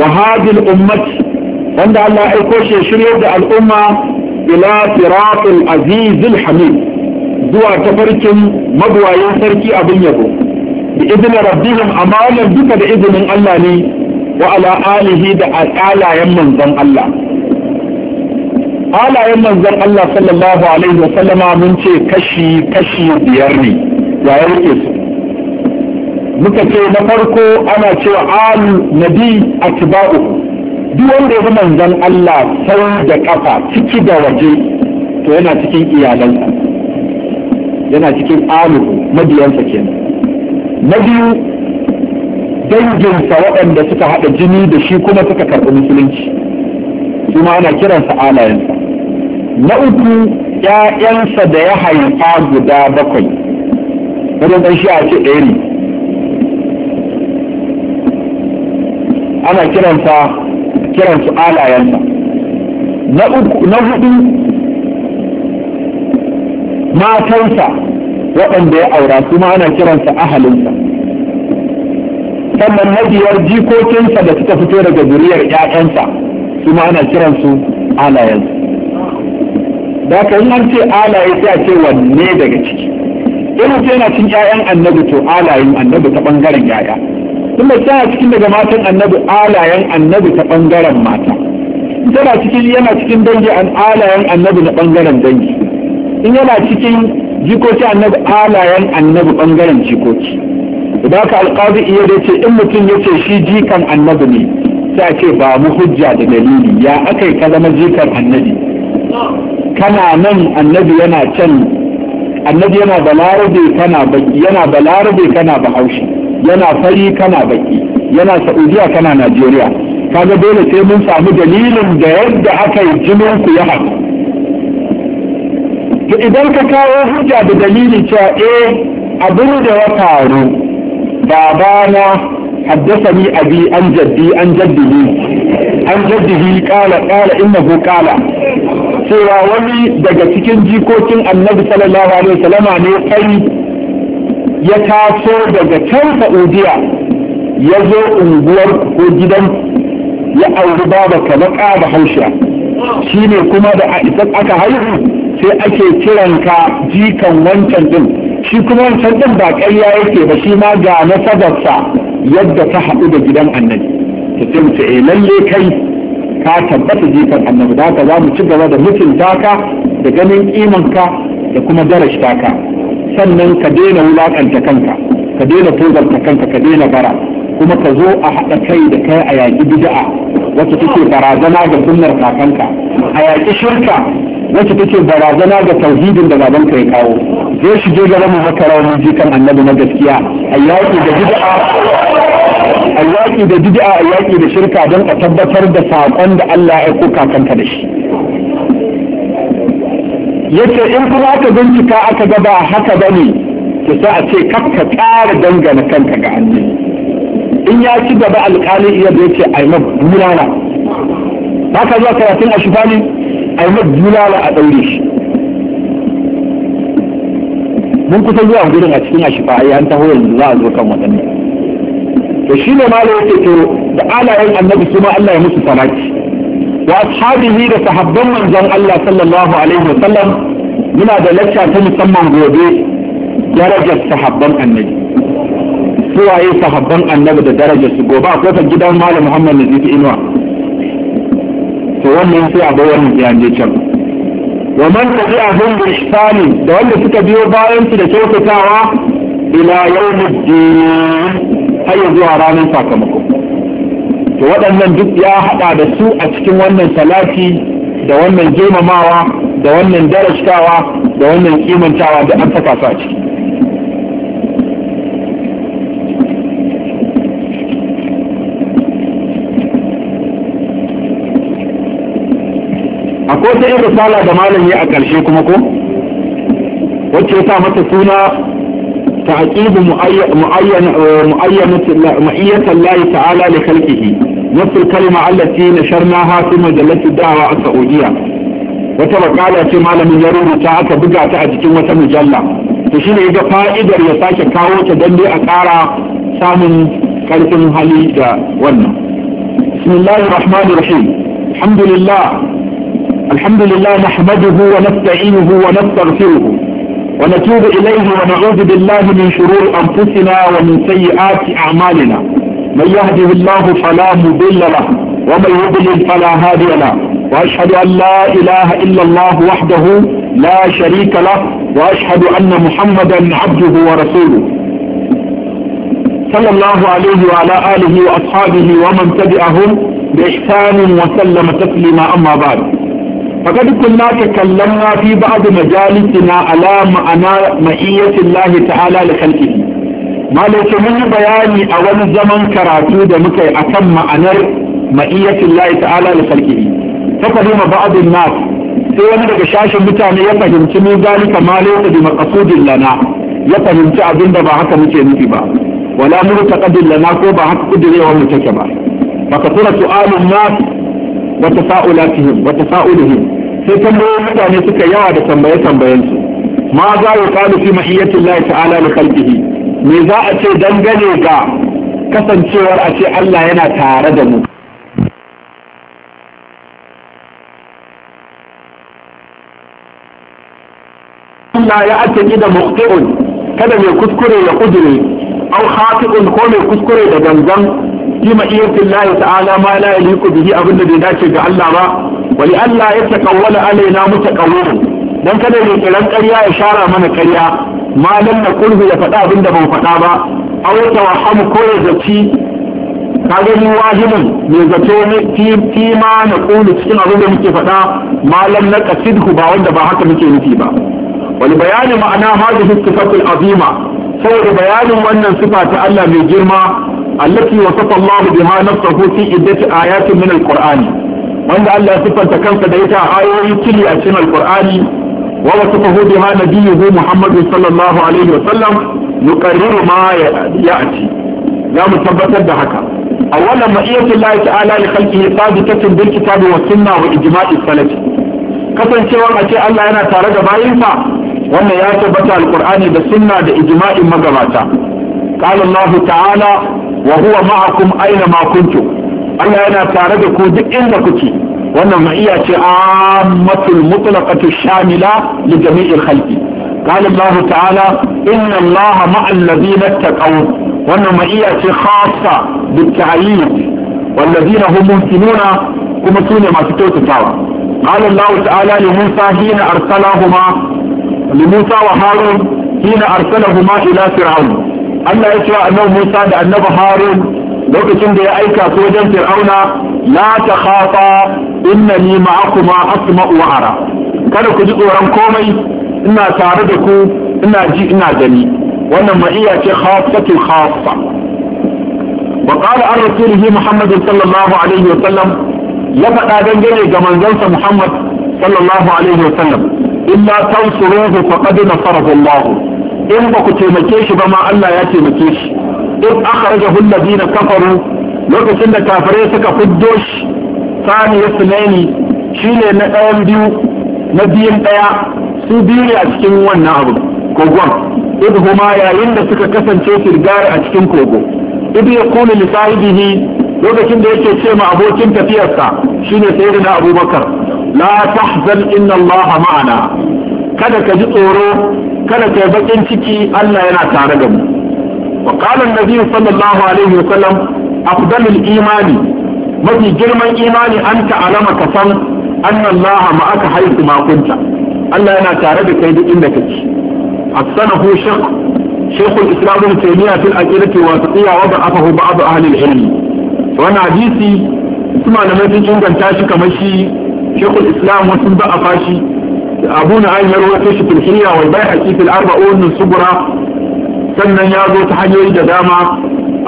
wa hadil ummati wanda Allah ya aiko shi shirye da al'umma ila siratul azizil hamid zuwa tafarkin mabuwayin sarki abin yabo bi idin rabbihim amalan duka da izinin Allah ne wa ala alihi da alayan manzon Allah halayen manzon Allah sallallahu alaihi wa sallama mun ce kashi kashi biyar ne ya yake su muka ce na farko ana cewa alu nabi atba'u duk wanda ya manzon Allah sai da kafa ciki da waje to yana cikin iyalansa yana cikin alu mabiyansa kenan na biyu danginsa waɗanda suka haɗa jini da shi kuma suka karɓi musulunci kuma ana kiransa alayensa na uku ‘ya'yansa da ya haifa guda bakwai wajen ɗan shi a ce ɗari ana kiransa kiransu alayensa na hudu matansa waɗanda ya aura kuma ana kiransa ahalinsa sannan na biyar jikokinsa da suka fito daga zuriyar ‘ya'yansa kuma ana kiransu alayensa da ka yi an ce alaye sai a ce wanne daga ciki ina ce yana cin 'ya'yan annabi to alayen annabi ta ɓangaren 'ya'ya kuma a cikin daga matan annabi alayen annabi ta ɓangaren mata tana cikin yana cikin dangi an alayen annabi na ɓangaren dangi in yana cikin jikoki annabi alayen annabi ɓangaren jikoki idan ka alƙazi iya da ce in mutum ya ce shi jikan annabi ne sai a ce ba mu hujja da dalili ya aka yi ka zama jikan annabi kana nan annabi yana can annabi yana balarabe kana baki yana balarabe kana bahaushe yana fari kana baki yana saudiya kana najeriya kaga dole sai mun samu dalilin da yadda aka yi jinin ku ya haɗu to idan ka kawo hujja da dalili cewa eh abin da ya faru babana حدثني أبي an جدي an جده أن جده قال قال إنه kala. cewa wani daga cikin jikokin annabi sallallahu alaihi wasallama ne kai ya taso daga can saudiya ya zo unguwar ko gidan ya auri baba kalaka da hausha shi kuma da a aka haihu sai ake ka jikan wancan din shi kuma wancan din ba ƙarya yake ba shi ma ga nasabarsa yadda ta haɗu da gidan annabi ta ce eh, lalle kai ka tabbata jikan, annabi da haka za mu ci gaba da mutunta ka da ganin imanka da kuma darashta ka sannan ka daina wulakanta kanka ka daina tozarta kanka ka daina bara kuma ka zo a haɗa kai da kai a yaƙi bid'a wacce take barazana ga sunnar kakanka a yaƙi shirka wacce take barazana ga tauhidin da babanka ya kawo zai shige gaba mu haka rauni jikan annabi na gaskiya a yaƙi da bid'a a yaƙi da bid'a a yaƙi da shirka don a tabbatar da saƙon da Allah ya aiko kakanta da shi yace in kuma aka bincika aka ga ba haka bane to sai a ce ka tsara dangana kanka ga annabi in ya ci gaba alƙali iya da yace ai mab ba ka zuwa karatun a shifani ai mab a ɗaure shi mun kusa zuwa gurin a cikin ashifa ai an taho yanzu za a zo kan waɗannan to shi ne malam yake to da alayen annabi kuma Allah ya musu salati wa ashabihi da sahabban manzon Allah sallallahu alaihi wa sallam muna da lacca ta musamman gobe darajar sahabban annabi suwaye sahabban annabi da darajar su gobe akwai ta gidan malam Muhammad Nazifi Inuwa to wannan sai a bayar mu ya je can wa man tabi'ahum bi ihsani da wanda suka biyo bayan su da kyautatawa ila yawmiddin har ya zuwa ranar sakamako to waɗannan duk ya haɗa da su a cikin wannan salati da wannan girmamawa da wannan darashtawa da wannan kimantawa da an saka su a ciki akwai wata yin risala da malami ya a ƙarshe kuma ko wacce ya sa mata suna تعقيد معين معينة معية الله تعالى لخلقه نفس الكلمة التي نشرناها في مجلة الدعوة السعودية وتبقى على كما لم يرون تعالى بقى تعجت وتمجلة تشير إذا فائدة يساك كاو تدلي أكارا سامن كالك المهالي وانا بسم الله الرحمن الرحيم الحمد لله الحمد لله نحمده ونستعينه ونستغفره ونتوب إليه ونعوذ بالله من شرور أنفسنا ومن سيئات أعمالنا من يهده الله فلا مضل له ومن يضلل فلا هادي له وأشهد أن لا إله إلا الله وحده لا شريك له وأشهد أن محمدا عبده ورسوله صلى الله عليه وعلى آله وأصحابه ومن تبعهم بإحسان وسلم تسليما أما بعد فقد كنا تكلمنا في بعض مجالسنا على معنى مئية الله تعالى لخلقه ما ليس من بياني أول زمن كراتو دمكي أتم معنى مئية الله تعالى لخلقه فقدم بعض الناس sai wani daga shashin mutane ya fahimci mu zalika ma laysa bi maqsudin lana ya fahimci abin da ba haka muke nufi ba wala murtaqadin lana ko ba haka sai tambayoyin mutane suka yawa da tambaye tambayen su ma za ya kalu fi mahiyyatillahi ta'ala li khalqihi me za a ce dangane ga kasancewar a ce Allah yana tare da mu Allah ya ataki da muqti'un kada mai kuskure ya kudure aw khati'un ko mai kuskure da gangan fi mahiyyatillahi ta'ala ma la yaliqu bihi abinda bai dace ga Allah ba wani Allah ya taƙawwala alaina mutaƙawwalin dan kada mai kiran ƙarya ya shara mana ƙarya ma dan na ya faɗa abin da ban faɗa ba aw ya tawahhamu ko ya zaci ka gani wahimin mai zato ne fi ma na cikin abin da muke faɗa ma lam na qasidhu ba wanda ba haka muke nufi ba wani bayanin ma'ana hadhihi sifatul azima saboda bayanin wannan sifa ta Allah mai girma allati wasafa Allah biha nafsahu fi iddati ayatin min al-Qur'ani wanda Allah ya siffanta kansa da ita a ayoyin kili a cikin alqur'ani wa wasafahu biha nabiyuhu Muhammad sallallahu alaihi wasallam yuqarriru ma ya'ti za mu tabbatar da haka awwala ma'iyatu Allah ta'ala li khalqihi sabitatun bil kitabi wa sunnah wa ijma'i salaf kasancewar a ce Allah yana tare da bayinsa wannan ya tabbata alqur'ani da sunna da ijma'in magabata qala Allah ta'ala wa huwa ma'akum aina ma kuntum Allah yana tare da ku duk inda kuke wannan ma'iya ce ammatul mutlaqatu shamila li jami'il khalqi قال الله تعالى إن الله مع الذين اتقوا وأنما مئية خاصة بالتعيين والذين هم ممكنون كما في ما تتوتتاوا قال الله تعالى لموسى حين أرسلهما لموسى وهارون حين أرسلهما إلى فرعون أن ya ce wa annabi Musa lokacin da ya aika su wajen fir'auna la ta khafa innani ma'akuma asma'u wa ara kada ku ji tsoron komai ina tare da ku ina ji ina gani wannan ma'iya ce khafatu khaffa wa qala an rasulihi muhammad sallallahu alaihi wa sallam ya faɗa dangane ga manzansa muhammad sallallahu alaihi wa sallam illa tansuruhu faqad nasarahu allah in ba ku taimake shi ba ma Allah ya taimake shi in akhrajahu alladhina kafaru lokacin da kafirai suka fiddo shi sani yasnaini shine na ɗayan biyu na biyun ɗaya su biyu ne a cikin wannan abu kogon idhuma yayin da suka kasance firgare a cikin kogo idu yakunu li sahibihi lokacin da yake ce ma abokin tafiyarsa shine sayyidina abubakar la tahzan inna allaha ma'ana kada ka ji tsoro kada ka yi bakin ciki Allah yana tare da mu وقال النبي صلى الله عليه وسلم أفضل الإيمان ما في جرم الإيمان أنت على ما أن الله معك حيث ما كنت ألا لا تعرف كيد إنك أحسنه شيخ شيخ الإسلام ابن تيمية في الأجيرة واتقية وضع أفه بعض أهل العلم وأنا عديسي ثم أنا ما في جنجا تاشي كمشي شيخ الإسلام وسنبأ أفاشي أبونا أي مروة في الحرية والبيع في الأربعون من صبرة sannan ya zo ta hanyoyi da dama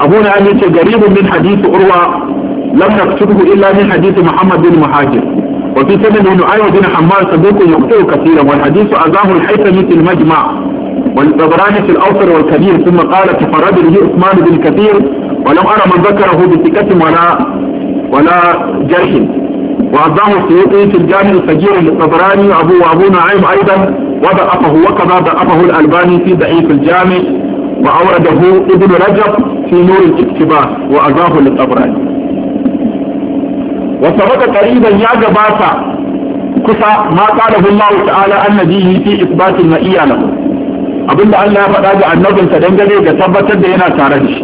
abuna na an yace garibun min hadithu urwa lam naktubuhu illa min hadithu muhammad bin muhajir wa fi sanad ibn ayyub bin hammar saduqun yuqtu kathiran wal hadithu azahu al-haythami fil majma' tabarani fil awsar wal kabir thumma qala والطبراني في الأوسر والكبير ثم قال تفرد به عثمان بن كثير ولم أرى wala ذكره بثقة ولا ولا جرح وعظاه السيوطي fajir الجامع tabarani abu أبو وأبو نعيم أيضا وضعفه وكذا ضعفه الألباني في ضعيف الجامع وأورده ابن رجب في نور الاكتباع وأرضاه للأبراج وسبق قريبا يا جباسا كسا ما قاله الله تعالى أن نبيه في إثبات المئية له أبن الله فقد نظم تدنجلي تثبت بينا تارجش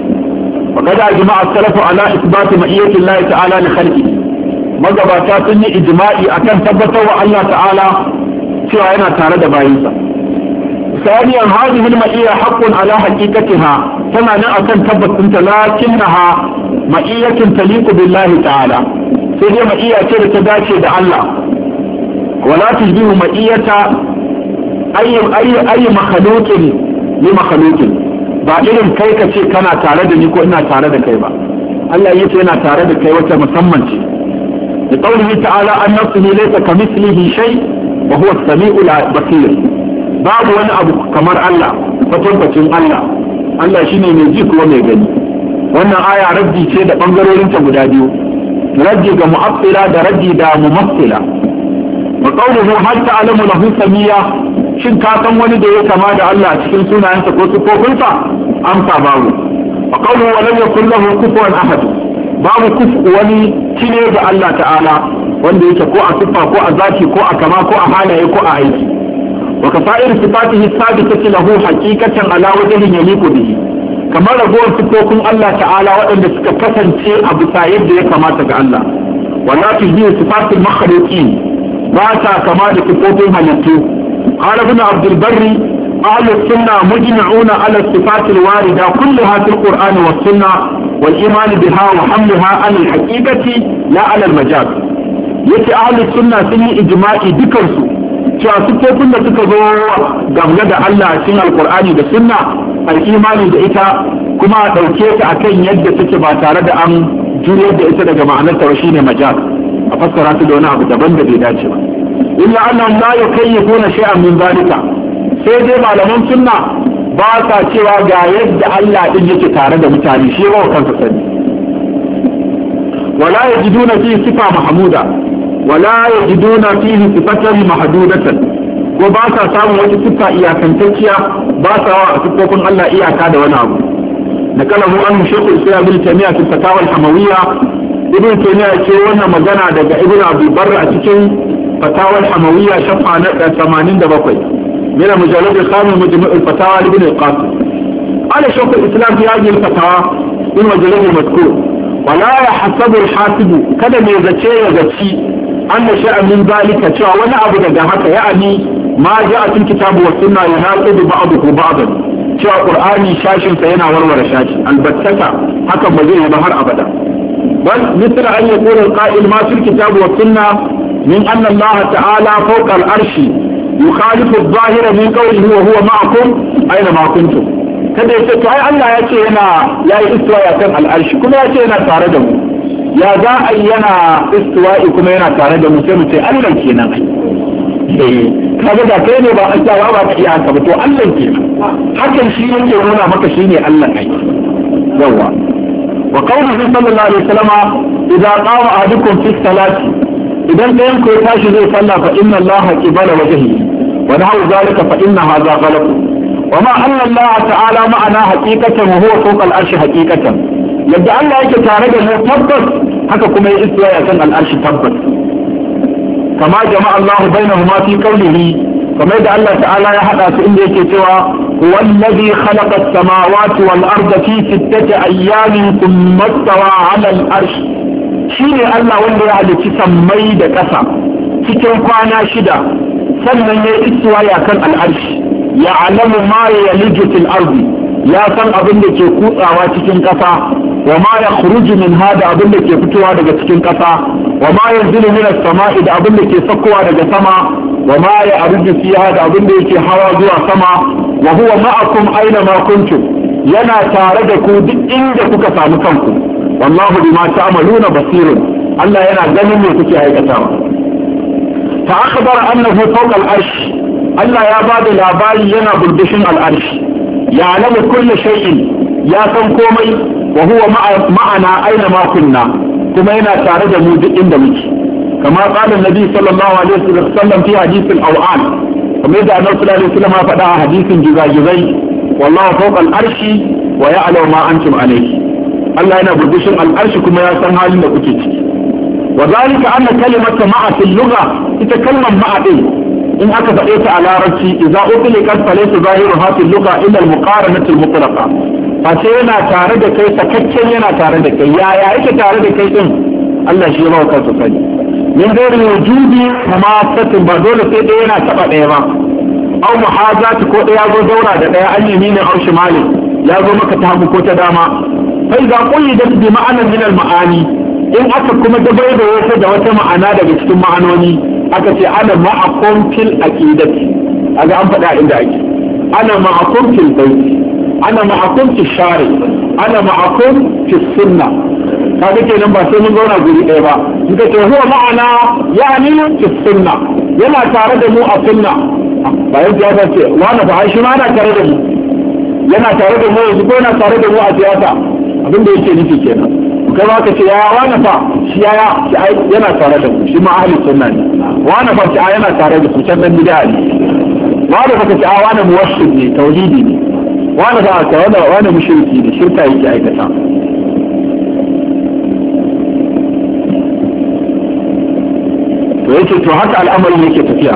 وقد أجمع السلف على إثبات مئية الله تعالى لخلقه magabata sun yi ijma'i akan tabbatar wa Allah ta'ala cewa yana tare da ثانيا هذه المئية حق على حقيقتها كما نأكل تبت انت لكنها مئية تليق بالله تعالى فهي مئية تير تداشي بعلا ولا تجبه مئية أي, أي, أي مخلوق لمخلوق بعد إذن كيكا شيء كان تعرض نيكو إنا تعرض كيبا الله يتعرض إنا كيبا تمثمن لقوله تعالى أن نفسه ليس كمثله شيء وهو السميع البصير babu wani abu kamar Allah kwatankwacin Allah Allah shine mai ji kuma mai gani wannan aya ragi ce da ɓangarorinta guda biyu Ragi ga mu'affila da ragi da mumaffila wa qawluhu hal ta'lamu lahu samiya shin ka san wani da ya kama da Allah cikin sunayensa ko sifofinsa amsa babu wa qawluhu wa lam yakul lahu kufuwan ahad babu kufu wani kine ga Allah ta'ala wanda yake ko a siffa ko a zaki ko a kama ko a halaye ko a aiki wa kafa'ir sifatihi sabitatu lahu haqiqatan ala wajhin yaliqu bihi kamar ragowar sifofin Allah ta'ala waɗanda suka kasance a bisa yadda ya kamata ga Allah wala tujibu sifatul makhluqin ba ta kama da sifofin halittu qala ibn abdul barri ahlu sunna mujma'una ala sifatil warida kulluha fil qur'an was sunna wal iman biha wa hamluha ala al haqiqati la ala al majaz yace ahlu sunna sun yi ijima'i dukansu cewa siffofin da suka zo gamle da Allah cikin alkur'ani da sunna al'imani da ita kuma a ɗauke ta akan yadda suke ba tare da an juriyar da ita daga ma'anarta ba ne majal a fassara su da wani abu daban da bai dace ba illa ya la yukayyifuna shay'an min zalika sai dai malaman sunna ba sa cewa ga yadda Allah din yake tare da mutane shi ba kansa sani wala yajiduna fi sifa mahmuda ولا يجدون فيه صفات محدودة وباسا سامو وجه سفا إيا كنتكيا باسا وكتوكم الله إيا كاد ونعب نكالا هو أن شيخ الإسلام بن تيمية في الفتاوى الحموية ابن تيمية كيوانا مجانا دقا ابن عبد البر أتكي فتاوى الحموية شفعة نقا ثمانين دبقي من مجالد الخامل مجمع الفتاوى لابن القاسم على شيخ الإسلام في هذه الفتاوى من مجالد المذكور ولا يحسب الحاسب كذا ميزتي يزتي anna shay'an min zalika cewa wani abu daga haka ya'ani ma ja'a cikin kitabu wa sunna yanaqidu ba'dahu ba'dan cewa qur'ani shashin sa yana warware shashi albattaka hakan ba zai yi ba har abada bal misal an yaqulu alqa'il ma fil kitabu wa sunna min anna Allah ta'ala fawqa al-arshi yukhalifu adh-dhahira min qawlihi wa huwa ma'akum aina ma kuntum kada ya ce to ai Allah ya ce yana yayi istiwa kan al-arshi kuma ya ce yana tare da mu ya za a yi yana istiwa'i kuma yana tare da mu sai mu ce Allah kenan kaga da kai ne ba Allah ba ba ka iya haka ba to Allah kenan hakan shi yake nuna maka shine Allah kai yawa wa qawluhu sallallahu alaihi wasallama idza qama ahadukum fi salati idan ɗayan ku ya tashi zai sallah fa inna Allah qibala wajhi wa nahu zalika fa inna hadha ghalab وما أن الله تعالى معنا حقيقة وهو فوق العرش حقيقة yadda Allah yake tare da mu tabbas haka kuma ya istiwa ya kan al'arshi tabbas kama jama'a Allah bainahuma fi qawlihi kama yadda Allah ta'ala ya hada su inda yake cewa wallazi khalaqa as-samawati wal arda fi sittati ayyamin thumma istawa 'ala al-arsh shine Allah wanda ya halicci sammai da ƙasa cikin kwana shida sannan ya isuwa ya kan al'arshi ya alamu ma ya yaliju fil ardi ya san abin da ke kutsawa cikin ƙasa وما يخرج من هذا أبل لك يفتوى لك وما ينزل من السماء إذا أبل لك يسقوى سما وما يعرج في هذا أبل لك يحوى سما وهو معكم أينما كنتم ينا تاردك إن جكك سامكمكم والله بما تعملون بصير ألا ينا جنم يفتوى لك سما فأخبر أنه فوق العرش ألا يا بعد الأبال ينا بلدشن العرش يعلم كل شيء يا سمكومي وهو معنا أينما كنا كما هنا تارد موجود عند كما قال النبي صلى الله عليه وسلم في حديث الأوعان كما يدعى النبي صلى الله عليه وسلم فدعا حديث جزا جزي والله فوق الأرش ويعلم ما أنتم عليه الله هنا بردشن الأرش كما يسمى حالنا كتك وذلك أن كلمة مع في اللغة تتكلم مع دي إن أكد إيه على رجي إذا أطلقت فليس ظاهرها في اللغة إلا المقارنة المطلقة face yana tare da kai sakakken yana tare da kai yaya yake tare da kai din Allah shi ba kansa sani min gairi wujudi mumasatin ba dole sai ɗaya yana taɓa ɗaya ba au muhazati ko ɗaya zo zauna da ɗaya an yamina au shimali ya zo maka ta hagu ko ta dama fa idza qulidat bi ma'anan min al ma'ani in aka kuma dabai da wata da wata ma'ana daga cikin ma'anoni aka ce ana ma'akum fil aqidati aga an faɗa inda ake ana ma'akum fil baiti انا معكم في الشارع انا معكم في السنه هذا كلام بس من دون ابي ايوا انت هو معنا يعني في السنه يلا تعالوا دمو السنه بعدين جاء بس وانا بعيش ما انا كره دمو يلا تعالوا دمو يكون تعالوا دمو اجازه abin da yake nufi kenan kai ba ka ce ya wani fa shi ya shi ai yana tare da ku shi ma ahli sunna ne wani fa shi ai yana tare da ku can nan bid'a ne ba da ka ce a wani muwassid ne tauhidi ne وانا da aka وانا wani mushriki ne اي yake aikata to yake to haka al'amarin yake tafiya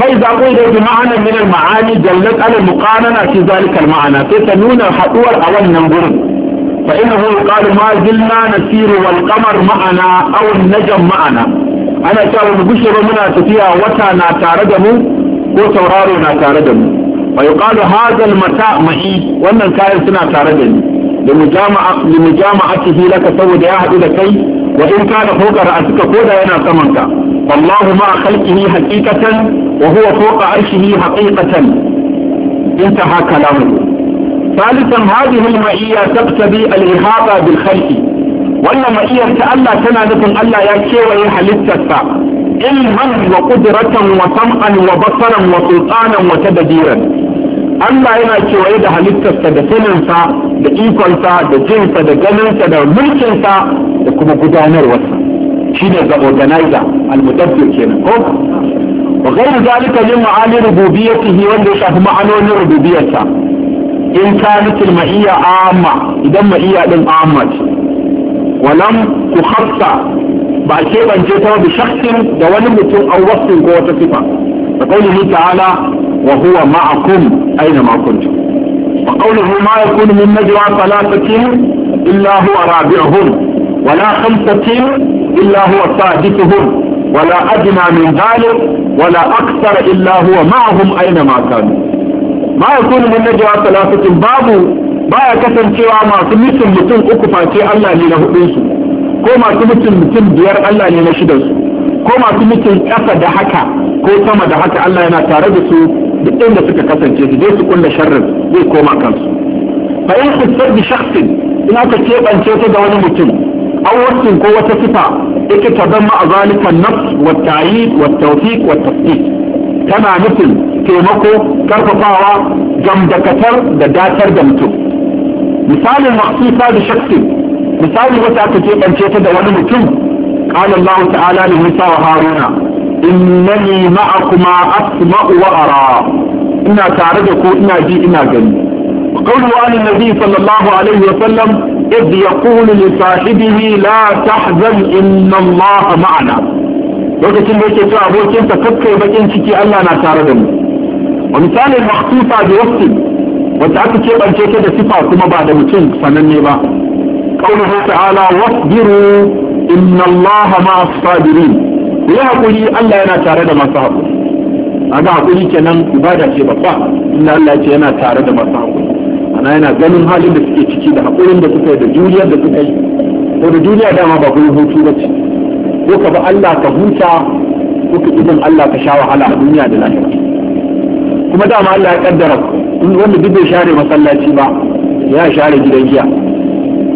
فإذا قيل بمعنى من المعاني جلت على مقارنة في ذلك المعنى تتنون الحطور أول ننظر فإنه قال ما زلنا نسير والقمر معنا أو النجم معنا أنا شاء بشر منا تفيا ناتا تاردمو ko tauraro na tare da mu fa yuqalu hada al-mata ma'i wannan kayan suna tare da ni da da mujama'a mujama'a limujama'a limujama'atihi laka saboda ya hadu da kai wa in kana fawqa ra'sika ko da yana saman ka wallahu ma khalqihi haqiqatan wa huwa fawqa arshihi haqiqatan inta intaha kalamuhu ثالثا هذه المعية تقتضي الإحاطة بالخلق wannan ma'iyar ta Allah tana nufin Allah ya kewaye halittarsa ilman wa qudratan wa sam'an wa basaran wa sultanan wa tadbiran Allah yana kewaye da halittarsa da saninsa da ikonsa da jinsa da ganinsa da mulkinsa da kuma gudanarwarsa shi ne ga organizer al-mudabbir kenan ko wa ghairu zalika min ma'ani rububiyyatihi wanda ya shafi ma'anonin rububiyyarsa in kanat al-ma'iyya amma idan ma'iyya din amma ce walam tukhassa ba a keɓance ta bi shakkin da wani mutum an wasu ko wata sifa da ƙaunihi ta'ala wa huwa ma'akum aina ma kuntum wa ƙaunihi ma yakunu min najwa salatatin illa huwa rabi'uhum wala khamsatin illa huwa sadisuhum ولا أدنى من ذلك ولا أكثر إلا هو معهم أينما كانوا ما يكون من نجوى ثلاثة باب baya kasancewa masu mutum mutum uku face Allah ne na hudunsu ko masu mutum mutum biyar Allah ne na shidan su ko masu mutum kasa da haka ko sama da haka Allah yana tare da su duk inda suka kasance su je su kulla sharrin zai koma kansu fa in khisar bi shakhsin in aka keɓance ta da wani mutum an wasu ko wata sifa ita ta zama a zalika nafs wa ta'yid wa tawfiq wa tasdiq tana nufin taimako karfafawa gamdakatar da datar da mutum misalin mahsusa da shakhsin misali wata aka keɓance ta da قال الله تعالى لموسى وهارون إنني معكما أسمع وأرى إنا تعرضك إنا جي إنا جن قال النبي صلى الله عليه وسلم إذ يقول لصاحبه لا تحزن إن الله معنا وكتن بيكي أبو كين تفكي بكين شكي ألا نتعرضن ومثال المحطوطة بوقت وتعطي كيبا كيكي دا سفا كما بعد متنك فنن نبا قوله تعالى واصبروا إن الله مع الصابرين ya hakuri Allah yana tare da masu hakuri a ga hakuri kenan ibada ce babba inda Allah ce yana tare da masu hakuri ana yana ganin halin da suke ciki da hakurin da suka yi da juriyar da suka yi ko da juriya dama ba kuma hutu ba ce ko ka bi Allah ka huta ko ka izin Allah ka sha wahala a duniya da lahira kuma dama Allah ya kaddara wanda duk bai share masallaci ba ya share gidan giya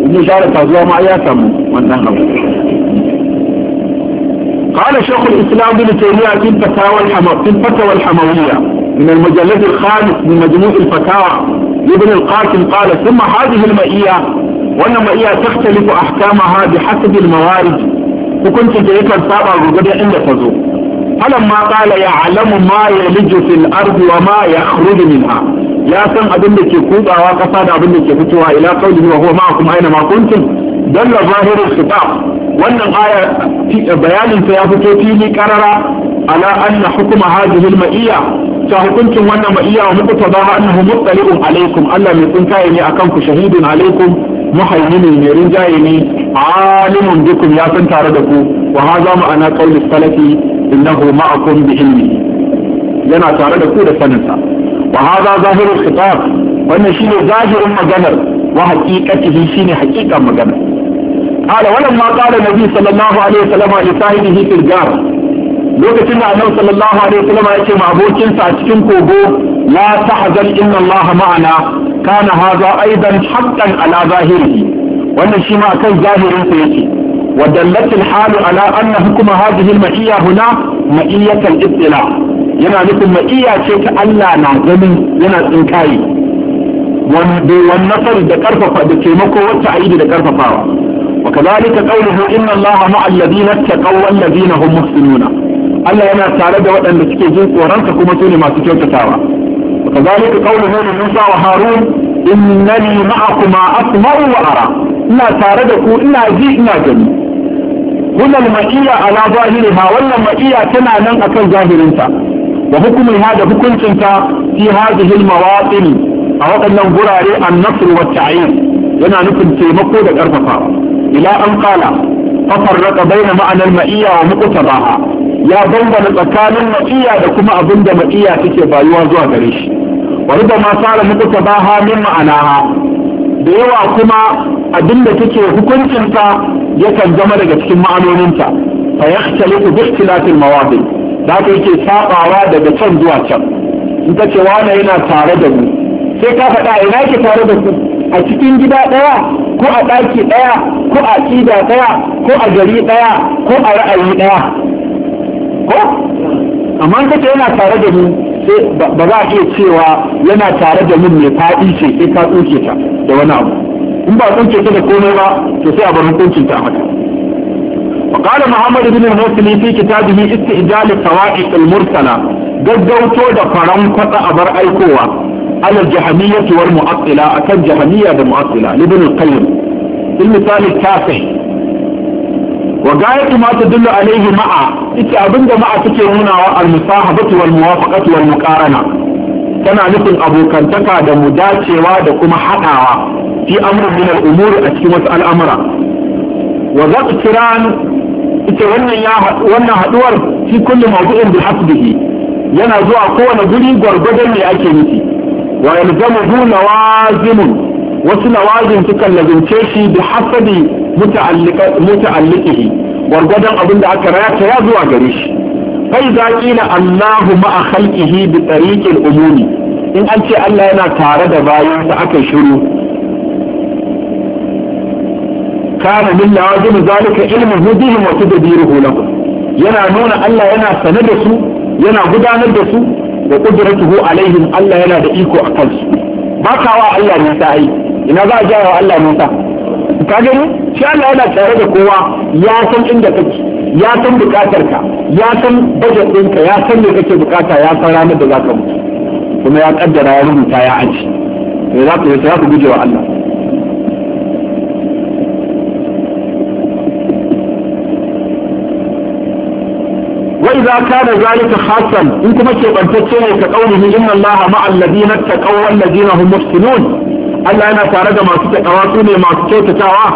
ابن الله معي ما وانتهى قال شيخ الاسلام بن تيمية في الفتاوى الحموية الفتاوى الحموية من المجلد الخامس من مجموع الفتاوى لابن القاسم قال ثم هذه المئية وان المئية تختلف احكامها بحسب الموارد وكنت جيكا سابع وقد عند تزور فلما قال يعلم ما يلج في الارض وما يخرج منها ya san abin da ke kutsawa kasa da abin da ke fitowa ila qawlihi wa huwa ma'akum aina ma kuntum dalla zahirul kitab wannan aya bayanin ta ya fito fili karara ala anna hukuma hadhihi al-ma'iyya ta hukuncin wannan ma'iyya wa muqtadaha annahu muttaliqun alaykum Allah mai tsinkaye ne akan ku shahidun alaykum muhaimini ne rinjaye ne alimun bikum ya san tare da ku wa hadha ma'ana qawli salafi innahu ma'akum bi ilmi yana tare da ku da saninsa وهذا ظاهر الخطاب وان شنو ظاهر مجمل وحقيقته شنو حقيقه مجمل قال ولما قال النبي صلى الله عليه وسلم لصاحبه في الجار لو لوكتنا انه صلى الله عليه وسلم يأتي مع بوتين فاتكن كوبو لا تحزن ان الله معنا كان هذا ايضا حقا على ظاهره وان شنو كان ظاهر فيتي ودلت الحال على ان حكم هذه المعيه هنا معيه الابتلاء yana nufin ma'iya ce ta Allah na ganin yana tsinkaye wani nasar da karfafa da taimako wacce a da karfafawa wa kazalika qawluhu inna Allaha ma'al ladina taqaw wal ladina hum muhsinuna Allah yana tare da waɗanda suke jin tsoronka kuma su ne masu kyautatawa wa kazalika qawluhu li Musa wa Harun innani ma'akuma asma'u wa ara ina tare da ku ina ji ina gani wannan ma'iya ala zahiriha wannan ma'iya tana nan akan zahirinta وحكم هذا حكم كنت في هذه المواطن أو أن ننظر النصر والتعيين لنا نكن في مقودة أرفقا إلى أن قال تفرق بين معنى المئية ومقتضاها يا ضمن الأكان المئية لكم أبند مئية تكيبا يوازوا غريش وربما صار مقتضاها من معناها بيوا كما أبند تكي حكم كنت يكن زمرك معنى ننسى فيختلف باختلاف المواطن da yake sabawa daga can zuwa can in ta ce wani yana tare da mu sai ka faɗa ina ke tare da ku a cikin gida ɗaya ko a ɗaki ɗaya ko a ƙida ɗaya ko a gari ɗaya ko a ra'ayi ɗaya ko amma in ka ce yana tare da mu sai ba za a iya cewa yana tare da min mai faɗi ce sai ka tsoke ta da wani abu in ba tsoke ta da komai ba to sai a bar hukuncin ta haka قال محمد بن المسلم في كتابه استئجال الطوائف المرسلة قدو تود فرم قطع بر قوة على الجهمية والمؤطلة أكد جهمية المؤطلة لابن القيم في المثال التاسع وقاية ما تدل عليه مع إتي أبند مع تكرمنا المصاحبة والموافقة والمقارنة كما نقل أبو كنتكا دمداتش وادكما حقا في أمر من الأمور أسكمت الأمر وذا اقتران ita wannan ya wannan haduwar fi kulli mawdu'in bi hasbihi yana zuwa kowane guri gwargwadon ne ake nufi wa yalzamu nawazimun wasu nawazin sukan lazumce shi bi hasabi muta'alliqihi gwargwadon abin da aka rayata ya zuwa gare shi fai za ƙila Allahu ma'a khalqihi bi tariqil umumi in an ce Allah yana tare da bayansa aka shiru kana min lawazim zalika ilmu hudihim wa tadbiruhu lahum yana nuna Allah yana sane da su yana gudanar da su da qudratuhu alaihim Allah yana da iko a kansu ba kawa Allah ne ta yi ina za a ja wa Allah ne ta ka gani shi Allah yana tare da kowa ya san inda kake ya san bukatarka ya san budget ɗinka ya san me kake bukata ya san ranar da zaka mutu kuma ya kaddara ya rubuta ya aji to za ku za ku guje wa Allah وإذا كان ذلك خاصا إن كما كبرتكين كقوله إن الله مع الذين اتقوا والذين هم محسنون ألا أنا تارد ما تتقواتوني ما تتقوا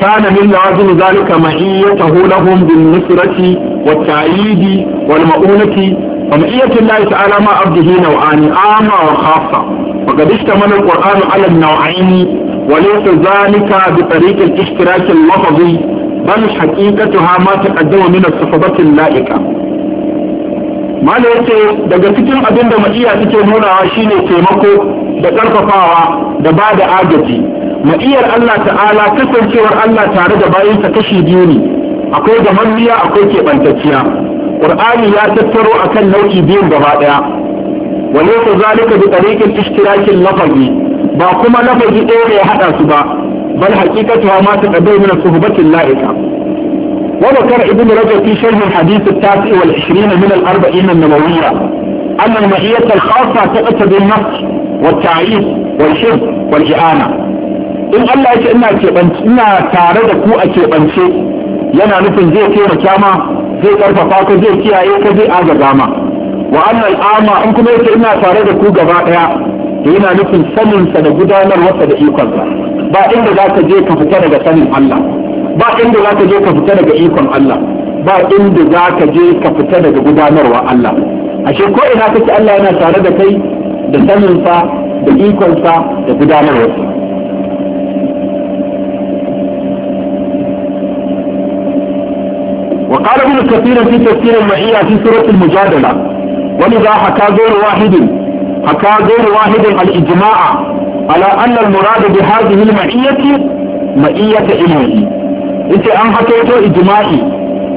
كان من لازم ذلك معيته لهم بالنصرة والتأييد والمؤونة فمعية الله تعالى مع أبده نوعان عامة وخاصة وقد اشتمل القرآن على النوعين وليس ذلك بطريق الاشتراك اللفظي بل حقيقتها ما تقدم من الصفات اللائقة ya yace daga cikin abin da ma'iya take nunawa shine taimako da karfafawa da ba da agaji ma'iyar Allah ta'ala kasancewar Allah tare da bayinsa kashi biyu ne akwai da akwai keɓantacciya ƙur'ani ya tattaro akan nau'i biyun gaba daya wa laysa zalika bi tariqil ishtirakin lafazi ba kuma lafazi ɗaya ya haɗa su ba bal haqiqatu ma taqaddamu min suhbatil la'ika وذكر ابن رجب في شرح الحديث التاسع والعشرين من الاربعين النبوية ان المعية الخاصة تؤتى بالنقص والتعيس والشرب والإعانة ان الله يشاء انها تبنت انها تارد لنا نفن زي كيما كاما زي كرفا فاكو زي كيا ايكا زي آجا داما وان الاما انكم يشاء انها تارد كوء غبائها هنا نفن سنن سنة قدامر وسد با انه ذاك جيكا فتنة سنن الله ba inda za ka je ka fita daga ikon Allah ba inda za ka je ka fita daga gudanarwa Allah ashe ko ina kake Allah yana tare da kai da sanin saninsa da ikon ikonsa da gudanarwa wa qala gudanarwarsa وقال ابن كثير في تفسير المعية في سورة المجادلة ولذا حكى غير واحد حكى غير al-ijma'a على أن المراد بهذه المعية معية إلهي yace an hakaito ijma'i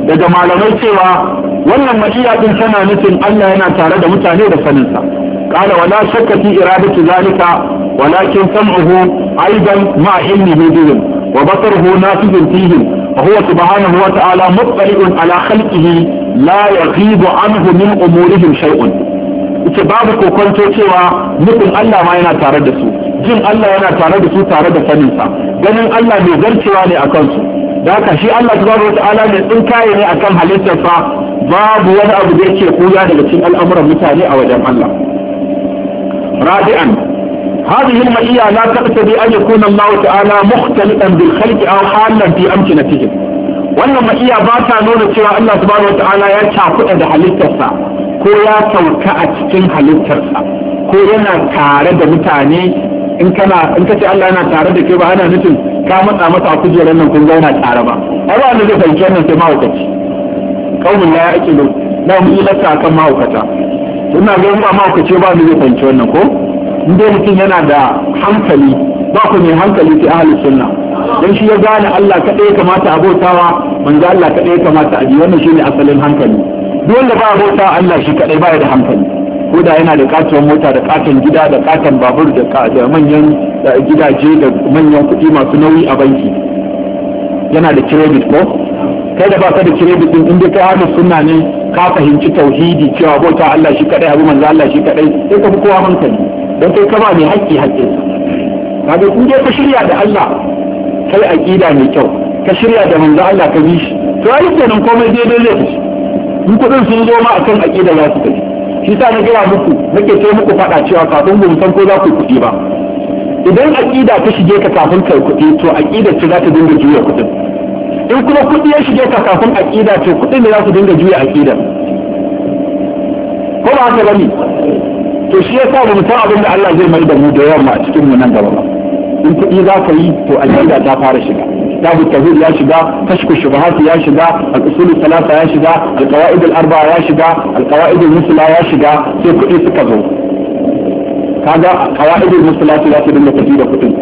daga malamai cewa wannan maƙiya ɗin tana nufin Allah yana tare da mutane da saninsa. Kala wala shakka fi iradatu zalika walakin sam'uhu aidan ma ilmihi bihim wa basaruhu nasibun fihim wa huwa subhanahu wa ta'ala mutta'in ala khalqihi la yaghibu anhu min umurihim shay'un yace babu kokonto cewa nufin Allah ma yana tare da su jin Allah yana tare da su tare da saninsa ganin Allah mai zarcewa ne a kansu. Yaka shi Allah subhanahu wataala ne din kaye ne akan halittarsa babu wani abu da yake kuya daga cikin al'amuran mutane a wajen Allah rabi'an هذه المئية لا تقتضي أن يكون الله تعالى مختلطا بالخلق أو حالا na أمكنتهم wannan ma'iya ba ta nuna cewa Allah subhanahu wata'ala ya cakuɗa da halittarsa ko ya sauka a cikin halittarsa ko yana tare da mutane in kace Allah yana tare da ke ba ana nufin ka matsa masa a kujerar nan kun zauna tare ba ai ba wanda zai fahimci wannan sai mahaukaci kaumin la ake da na mu yi lakka akan mahaukata ina ga ba mahaukaci ba wanda zai fahimci wannan ko in dai mutum yana da hankali ba ku mai hankali fi ahli sunna dan shi ya gane Allah kadai kamata a bautawa manzo Allah kadai kamata a ji wannan shine asalin hankali duk wanda ba bautawa Allah shi kadai ba ya da hankali koda yana da katon mota da katon gida da katon babur da manyan gidaje da manyan kuɗi masu nauyi a banki yana da credit ko kai da baka da credit din inda kai ahlus sunna ne ka fahimci tauhidi cewa bauta Allah shi kadai abu manzo Allah shi kadai sai ka fi kowa hankali don kai ka ba mai haƙƙi haƙƙin sa ga kun ka shirya da Allah kai aqida mai kyau ka shirya da manzo Allah ka bi shi to ai kenan komai daidai zai fi in kudin sun zo ma akan aqida za su tafi shi sa na gaya muku nake sai muku faɗa cewa kafin mu san ko za ku kuɗi ba idan aƙida ta shige ka kafin kai kuɗi to aƙida ce za ta dinga juya kuɗin in kuma kuɗi ya shige ka kafin aƙida to kuɗin ne za su dinga juya aƙida ko ba haka bane to shi yasa mu san abin da Allah zai mai da mu da yamma a cikin mu nan gaba ba in kuɗi za ka yi to aƙida ta fara shiga kitabu tauhid ya shiga kashku shubahat ya shiga al-usul salasa ya shiga al-qawaid al-arba'a ya shiga al-qawaid al-musla ya shiga sai kuɗi suka zo kaga qawaid al-musla ya ce dinga tafi da kuɗin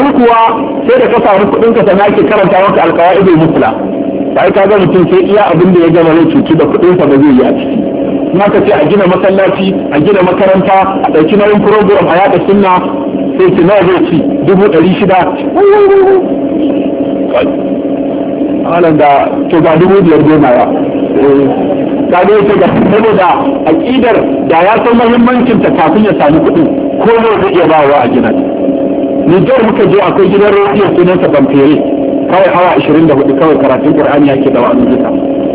in kuwa sai da ka samu kuɗin ka sana ke karanta maka al-qawaid al-musla sai kaga mutum sai iya abin da ya gama zai cuci da kuɗin sa ba zai yi a ciki maka ce a gina masallaci a gina makaranta a ɗauki nauyin program a yaɗa sunna sai ce nawa zai ci dubu ɗari shida kwaji da to ga dubu biyar goma ya ta eh, ga saboda aƙidar da ya san ta kafin ya sami kuɗi ko zai zai iya bawa a gidan Nijar muka je akwai gidan rediyo sunansa Bamfere kawai awa 24 kawai karatun yake da wa'azin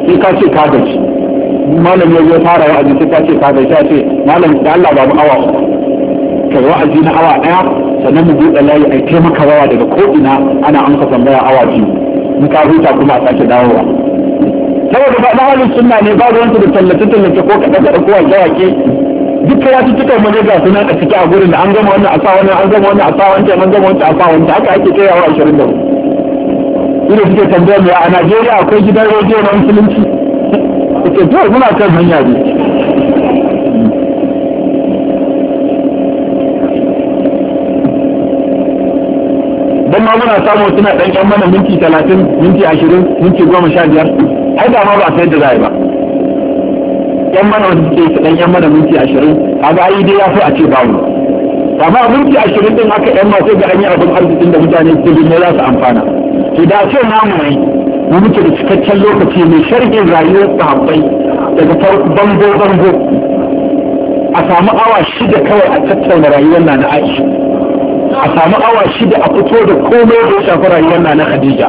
sai ka ce ka gaji malam ya zo fara wa'azi sai ka ce ka gaji ya ce malam da Allah awa uku kai wa'azi na awa ɗaya sannan mu buɗe layi a taimaka rawa daga ko'ina ana amsa tambaya awa biyu mu ka huta kuma a sake dawowa saboda ba halin sunna ne ba ruwansu da tallace tallace ko kada kaɗa ko ya wake duka ya cikin mu ne ga sunan a ciki a gurin da an gama wannan a sa wannan an gama wannan a sa wancan an gama wancan a sa wancan haka ake kai yawa ashirin da hudu suke tambayar a Najeriya akwai gidan rediyo na musulunci. Ake (laughs) to muna kan hanya ne. don ma muna samun suna ɗan yan mana minti talatin minti ashirin minti goma sha biyar ai da ma ba sai da zai ba yan mana wasu suke su ɗan yan mana minti ashirin kaga ai dai ya fi a ce ba babu amma minti ashirin din ƴan yan masu ga an yi abin arzikin da mutane su ne za su amfana to da ce na mu ne mu muke da cikakken lokaci mai sharhin rayuwar sahabbai daga bango bango a samu awa shida kawai a tattauna rayuwar na na aisha a samu awa shida a fito da komai da shafi rayuwar na na Khadija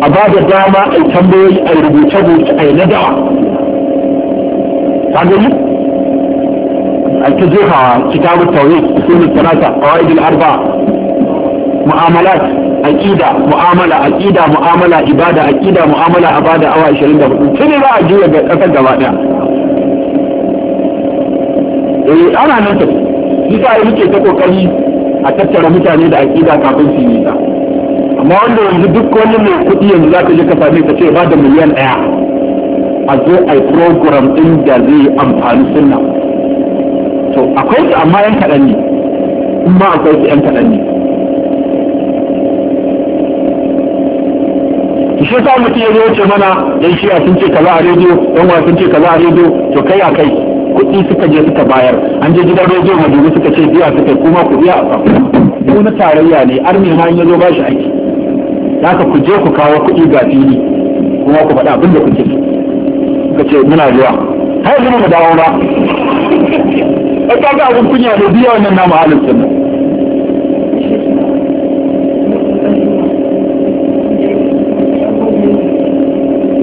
a ba da dama a tambayoyi a rubuce rubuce a yi nadawa ta gani a ta jefa kitabu tauhid sunan salata qawaid al-arba mu'amalat aqida mu'amala aqida mu'amala ibada aqida mu'amala abada awa 24 sai za a juya ga kasar gaba daya eh ana nan ta yi ta yi muke ta kokari a tattara mutane da aƙida kafin su yi amma wanda yanzu duk wani mai kuɗi yanzu za ka je ka same ka ce ba da miliyan ɗaya a zo a yi program ɗin da zai yi amfani sunna to akwai su amma yan kaɗan ne in ma akwai su yan kaɗan ne shi sa mutum ya zo ce mana yan a sun ce kaza a rediyo yan wa sun ce kaza a rediyo to kai a kai kuɗi suka je suka bayar an je gidan rediyo madina suka ce biya suka kuma ku biya a samu na tarayya ne armi ma in yazo bashi aiki haka ku je ku kawo kuɗi ga fili kuma ku faɗa abin da kuke so suka ce muna zuwa har yanzu mu dawo ba a kaga abin kunya ne biya wannan namu halin sunna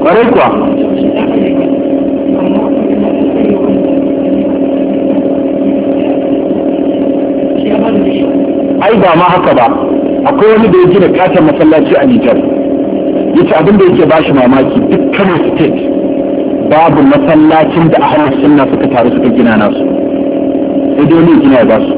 kwarai kuwa ai ba ma haka ba akwai wani da ya gina katon masallaci a nijar ya ce abin da yake ba shi mamaki duk state babu masallacin da ahmad sunna suka taru suka gina nasu sai dai wani gina ya ba su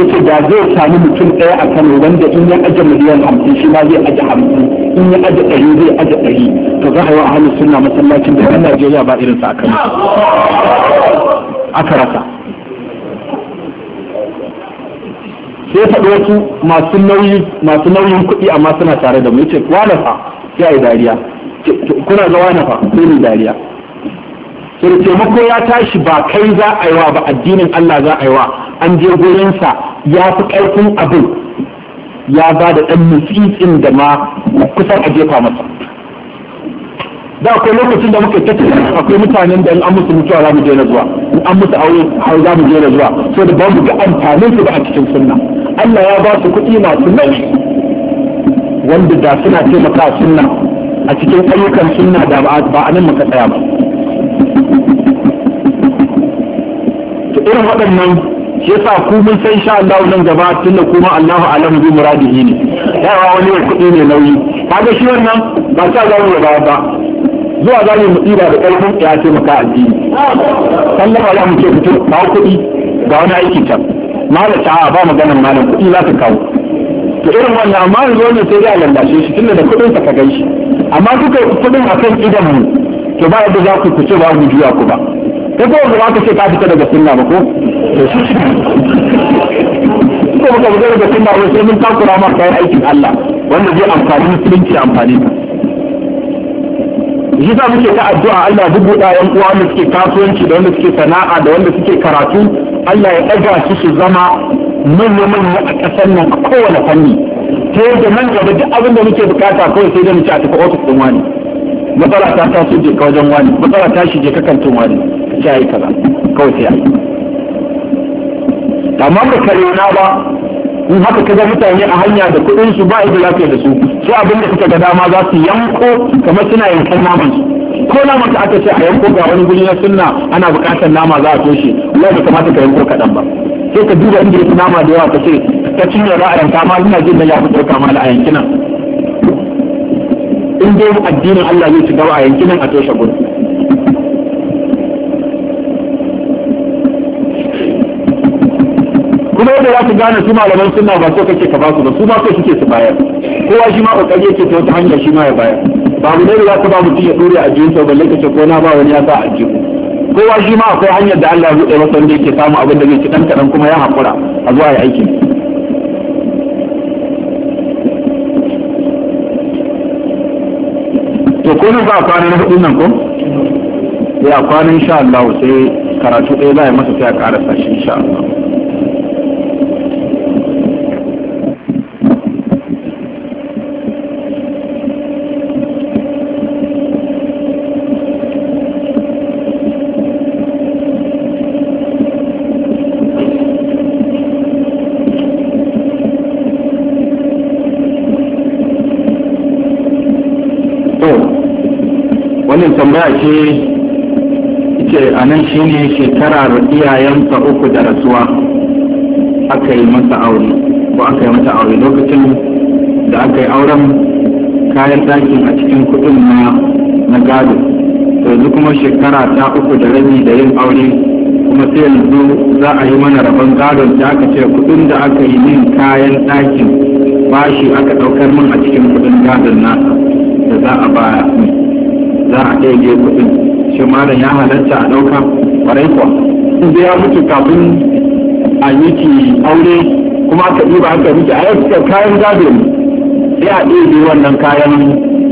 yace da zai sami mutum ɗaya a kano wanda in ya aje miliyan 50 shi ma zai aje 50 in ya aje ɗari zai aje ɗari to za a yi wa ahalin sunna masallacin da ɗan najeriya ba sa a kano aka rasa sai ya faɗi wasu masu nauyi masu nauyin kuɗi amma suna tare da mu yace wala fa sai ai dariya kuna ga wala fa sai ni dariya sai taimako ya tashi ba kai za a yi wa ba addinin Allah za a yi wa an je gurinsa ya fi ƙarfin abin ya ba da ɗan mutsitsin da ma kusan a jefa masa da akwai lokacin da muka tattauna akwai mutanen da in an musu mutuwa za mu je na zuwa in an musu aure har za mu je na zuwa so da ba mu ga amfanin su ba a cikin sunna Allah ya ba su kuɗi masu nauyi wanda da suna taimaka sunna a cikin ayyukan sunna da ba a nan muka tsaya ba Ta irin waɗannan shi yasa ku mun san sha Allah nan gaba tunda kuma Allahu alam bi muradihi ne yawa wani kuɗi ne nauyi kaga shi wannan ba sa za mu ba ba zuwa za mu tsira da ƙarfin ya ce maka addini sannan ba za mu ce fito ba kuɗi ga wani aiki can malam ta ba maganar malam kuɗi za ka kawo to irin wannan amma yanzu ne sai ya a lallashe shi tunda da kuɗin ka gan shi amma kuka kuɗin kan idan mu to ba yadda za ku ku ce ba ku juya ku ba kai ko ba ka ce ka fita daga sunna ba ko ko ba ka fita daga sunna ba sai mun takura ma kayan aikin Allah wanda zai amfani musulunci amfani muke ta addu'a Allah duk buɗa yan uwa wanda suke kasuwanci da wanda suke sana'a da wanda suke karatu Allah ya ɗaga su su zama manya-manya a ƙasar nan a kowane fanni ta yadda nan gaba duk abin da muke bukata kawai sai da muke a tafi ofis ɗin wani matsala ta taso je ka wajen wani matsala ta shige ka kantin wani ya yi kaza kawai sai a yi amma ka kare na ba in haka ka ga mutane a hanya da ba su ba da lafiya da su sai abin da suka ga dama za su yanko kamar suna yankan naman su ko naman ka aka ce a yanko ga wani guri na sunna ana buƙatar nama za a toshe wallahi bai kamata ka yanko kaɗan ba sai ka duba inda yake nama da yawa ka ce ta cinye a yanka ma ina jin da ya fi ɗauka ma a yankina in dai addinin Allah zai shiga a yankinan a toshe gudu kuma yadda za su gane su malaman sunna ba so kake ka ba su ba su ma so suke su bayar kowa shi ma kokari yake ta wata hanyar shi ma ya bayar ba mu ne za ku ba mutum ya dore a jinsa ba ka ce ko na ba wani ya sa a jiku kowa shi ma akwai hanyar da Allah ya buɗe masa wanda yake samu abin da zai ci dan kaɗan kuma ya hakura a zuwa ya aiki to ko nan ba kwanan na hudun nan ko ya kwanan insha Allah sai karatu ɗaya za a yi masa sai a ƙarasa shi insha Allah tambaya ce ce a nan shi ne shekarar iyayensa uku da rasuwa aka yi masa aure ko aka yi masa aure lokacin da aka yi auren kayan ɗakin a cikin kudin na gado to yanzu kuma shekara ta uku da rabi da yin aure kuma sai yanzu za a yi mana rabon gado da aka ce kuɗin da aka yi min kayan ɗakin bashi aka ɗaukar min a cikin kudin gadon nasa da za a baya za a ɗaya ga kuɗin shi malam ya halarta a ɗauka ƙwarai kuwa in ya mutu kafin a miki aure kuma aka ɗiba aka miki a yau kayan gado ne sai a ɗaya wannan kayan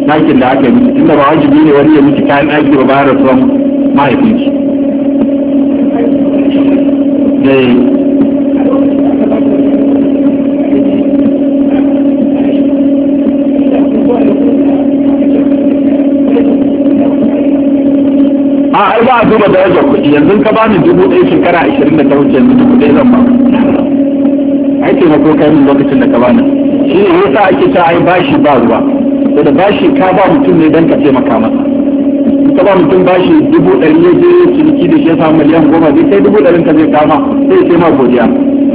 ɗakin da aka yi miki tunda ba wajibi ne wani ya miki kayan ɗaki ba bayan rasuwan mahaifinki. Eh. ai ba a duba darajar kuɗi yanzu ka bani dubu ɗaya shekara ashirin da ta wuce yanzu dubu ɗaya zan ba ai taimako kai min lokacin da ka bani shi ne yasa ake ta ai bashi ba ruwa da bashi ka ba mutum ne don ka taimaka masa ka ba mutum bashi dubu ɗari ya je ciniki da shi ya samu miliyan goma zai kai dubu ɗarin ka zai kama sai sai ma godiya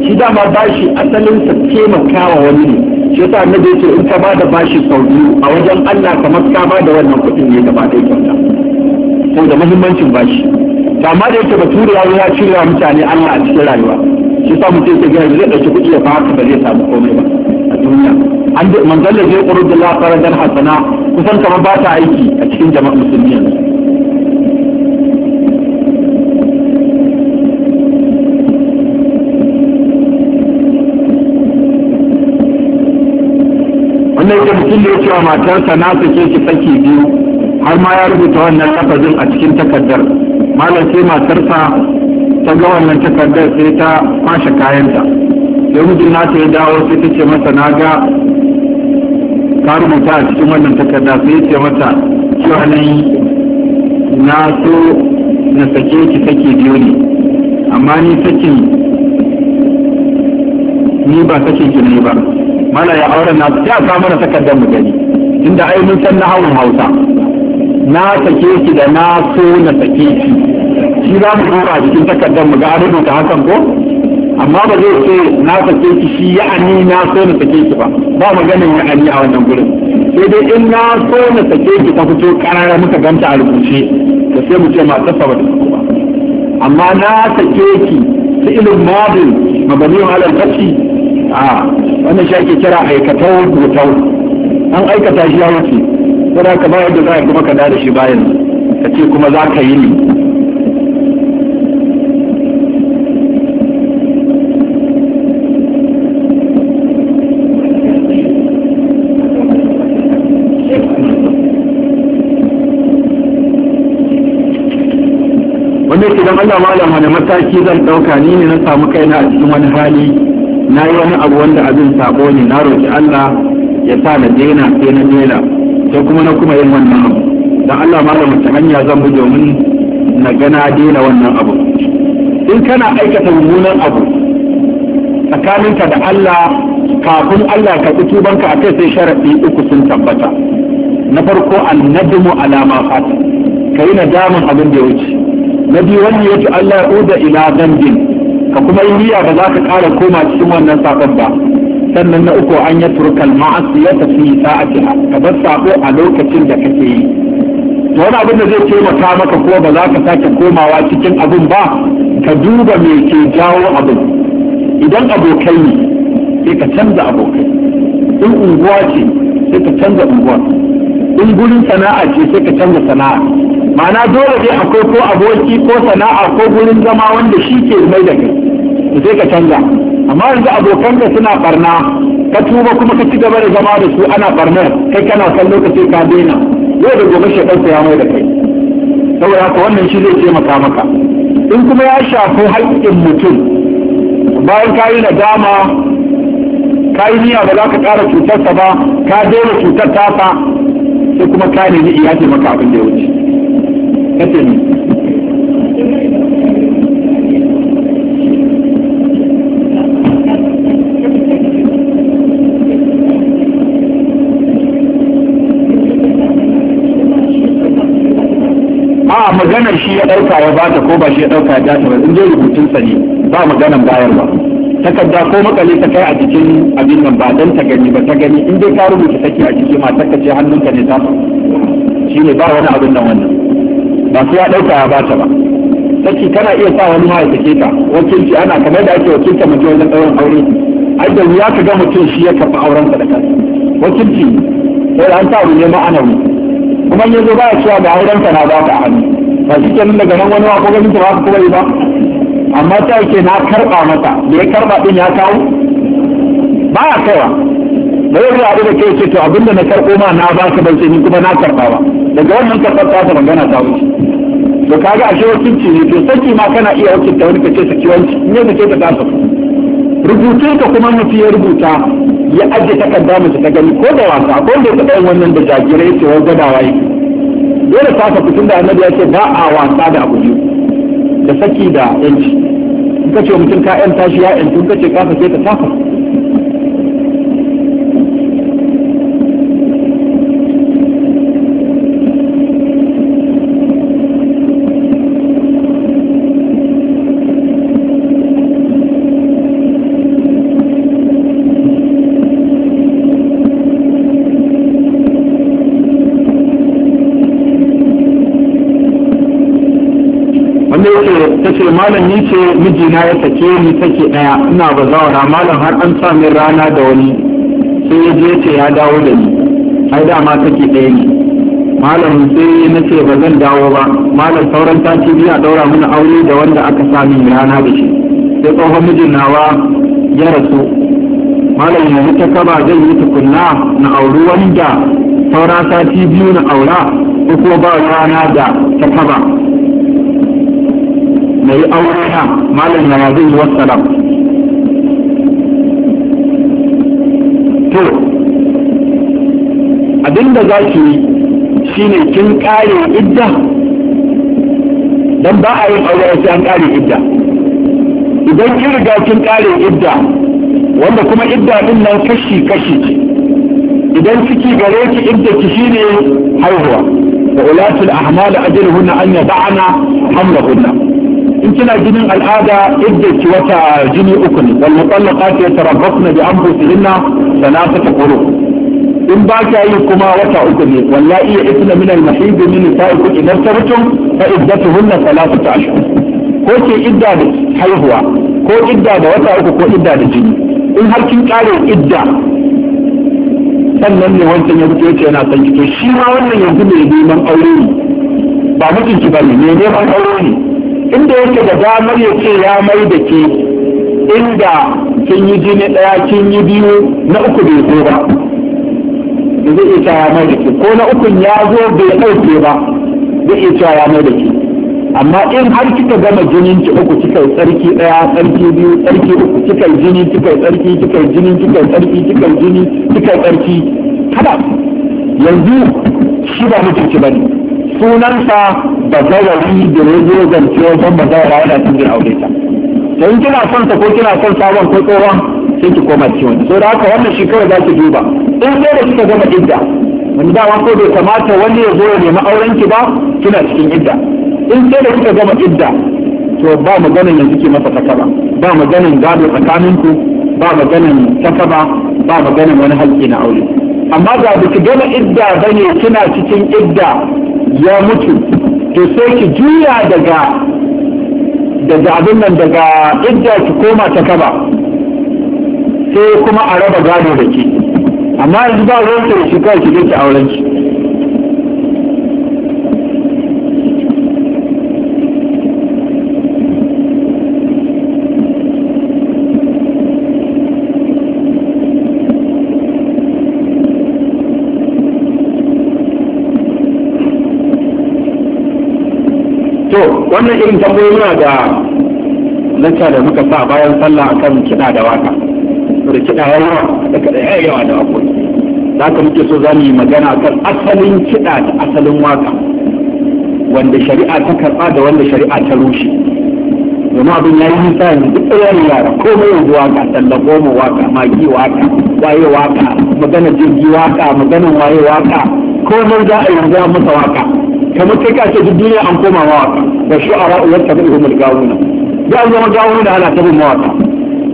shi dama bashi asalin sa taimakawa wani ne shi yasa annabi yace in ka ba da bashi sau biyu a wajen Allah kamar ka ba da wannan kuɗin ne gaba ɗaya da muhimmancin bashi to amma da yake bature ya ya cirewa mutane Allah a cikin rayuwa shi sa mutum yake ga zai dauki kuɗi ya fara ba zai samu komai ba a duniya an da manzon da zai da Allah farajan hasana kusan kamar ba ta aiki a cikin jama'a musulmi wannan yake mutum da ya ce wa matarsa na ke ki tsaki biyu har ma ya rubuta wannan lafazin a cikin takardar malam sai matarsa ta ga wannan takardar sai ta kwashe kayanta sai mijin nata ya dawo sai ta ce masa na ga ka rubuta a cikin wannan takarda sai ya ce mata cewa yi na so na sake ki sake biyu ne amma ni sakin ni ba sakin ki ne ba mala ya aure na ta samu na takardar mu gani tunda ai mun san na hawan hausa na sake ki da na so na sake shi za mu tura a cikin takardar mu ga adadin ta hakan ko amma ba zai ce na sake shi ya ani na so na sake ba ba maganin ya ani a wannan gurin sai dai in na so na sake ki ta fito karara muka ganta a rubuce to sai mu ce ma tsaffa ba ba amma na sake ki ta ilin madin mabaniyar alal kashi a wannan shi ake kira aikatau rutau an aikata shi ya wuce saboda ka ba yadda za ka kuma ka da shi bayan ka ce kuma za ka yi ni wanda ke don Allah malam wani mataki zan ɗauka ni ne na samu kaina a cikin wani hali na yi wani abu wanda abin sabo ne na roƙi Allah ya sa na daina sai na daina sai kuma na kuma yin wannan abu dan Allah malam ta hanya zan bi domin na gana daina wannan abu in kana aikata mummunan abu tsakaninka da Allah kafin Allah ka ci tubanka akai sai sharaɗi uku sun tabbata na farko annadmu ala ma fata kai nadamin abin da ya wuce na biyu wani ya ci Allah uda ila zambin ka kuma yi niyya ba za ka kara koma cikin wannan sakon ba sannan na uku an ya turkal ma'asiyata fi sa'atiha ka bar sako a lokacin da kake yi to wani abin da zai taimaka maka ko ba za ka sake komawa cikin abin ba ka duba me ke jawo abin idan abokai ne sai ka canza abokai in unguwa ce sai ka canza unguwa in gurin sana'a ce sai ka canza sana'a ma'ana dole dai akwai ko aboki ko sana'a ko gurin zama wanda shi ke mai da kai sai ka canza amma yanzu abokan ka suna barna ka tuba kuma ka ci gaba da zama da su ana barna kai kana kan lokaci ka daina yau da gobe shekar ya mai da kai saboda haka wannan shi zai taimaka maka in kuma ya shafi haƙƙin mutum bayan ka yi nadama ka yi niyya ba za ka ƙara cutarsa ba ka daina cutar tasa sai kuma ka nemi iya taimaka abin da ya wuce. Kace maganar shi ya ɗauka ya bata ko ba shi ya ɗauka ya bata ba in dai rubutunsa ne ba maganar bayarwa takarda ko makale ta kai a cikin abin nan ba dan ta gani ba ta gani in dai ka rubuta take a cikin ma takka ce hannunka ne ta shi ne ba wani abin nan wannan ba sai ya ɗauka ya bata ba saki kana iya sa wani ma ya take ka wakilci ana kamar da ake wakilta mutum wajen tsawon aure ai da wuya ka ga mutum shi ya kafa sa da kansa wakilci sai an sa ne ma'anawi kuma yanzu ba ya cewa da aurenka na ba ta hannu ba shi kenan daga nan wani wako ko ganin ta ba ko bai ba amma ta yake na karba mata da ya karba din ya kawo ba ya kaiwa da yau da da kai ce to abinda na karbo ma na ba ka bai ni kuma na karba ba daga wannan karbar ta magana ta wuce to kaga ashe wakilci ne to saki ma kana iya wakilta wani kace saki wanci in ya ce ta ta rubutun ka kuma mutum ya rubuta ya ajiye takarda mace ta gani ko da wasa ko da ta wannan da jagirai ce wa gadawa yake dole ta ka fitin da annabi ya ce ba a wasa da abu da saki da yanci in ka ce mutum ka yanta shi ya yanci in ka ce ka sake ta tafa wanda yake ta ce malam ni ce mijina ya sake ni take daya ina ba zawara malam har an sami rana da wani sai ya je ce ya dawo da ni ai da ma take daya ne malam sai na ce ba zan dawo ba malam sauran sati biyu biya daura mana aure da wanda aka sami min rana da shi sai tsohon mijin nawa ya rasu malam yanzu ta kaba zan yi tukunna na auri wanda sauran sati biyu na aura ko ba rana da ta kaba na yi aurena malam yaya zai yi wassalam to abinda za ki yi shine kin kare idda dan ba a yin aure sai an kare idda idan kin riga kin kare idda wanda kuma idda din nan kashi kashi ce idan ciki gare ki idda ki shine haihuwa wa ulatul ahmal ajruhunna an yad'ana hamlahunna in kina jinin al'ada idda ki wata jini uku ne wal mutallaqati yatarabbasna bi anfusihinna thalathata quru in ba kya yi kuma wata uku ne wallahi ya isna min al mahid min nisa'ikum in tartum fa iddatuhunna thalathata ashhur ko ke idda da haihuwa ko idda da wata uku ko idda da jini in har kin kare idda sannan ne wancan ya fito yace yana son ki to shi ma wannan yanzu mai neman aure ne ba mutunci ba ne neman aure ne inda yake da damar ya ce ya mai da ke inda kin yi jini daya kin yi biyu na uku bai zo ba da zai iya ya mai da ke ko na ukun ya zo bai ɗauke ba zai iya ya mai da ke amma in har kika gama jinin ki uku kika tsarki daya tsarki biyu tsarki uku kika jini kika tsarki kika jini kika tsarki kika jini kika tsarki kada yanzu shi ba mutunci bane sunansa Ba bazawari da ya zo zance wajen bazawara yana son zai aure ta to in kina son ta ko kina son sabon ko tsohon sai ki koma cikin wani da haka wannan shi kawai za ki duba in dai da kika gama idda wani dama ko bai kamata wani ya zo ya nemi auren ki ba kina cikin idda in sai da kika gama idda to ba maganin yanzu ke masa takaba ba maganin gado tsakaninku ba maganin takaba ba maganin wani halki na aure amma ga biki gama idda bane kina cikin idda ya mutu to sai ki juya daga daga abin nan daga idda ki koma ta kaba sai kuma a raba gado da ke amma yanzu ba ruwan ki kawai ki je ki auren wannan irin tambayoyi muna da zanta da muka sa bayan sallah akan kiɗa da waka da kiɗa yawa da kaɗa yawa da wakoki Za ka muke so za mu yi magana kan asalin kiɗa da asalin waka wanda shari'a ta karɓa da wanda shari'a ta rushe domin abin ya yi nisa yanzu duk ɗayan yara komai yanzu waka tallafo mu waka magi waka waye waka maganar jirgi waka magana waye waka komai za a yanzu masa waka kamar kai ka ce duk duniya an koma waka da shu'ara uwar tabi ihumul gawuna ya zama gawuna ana tabin mawaka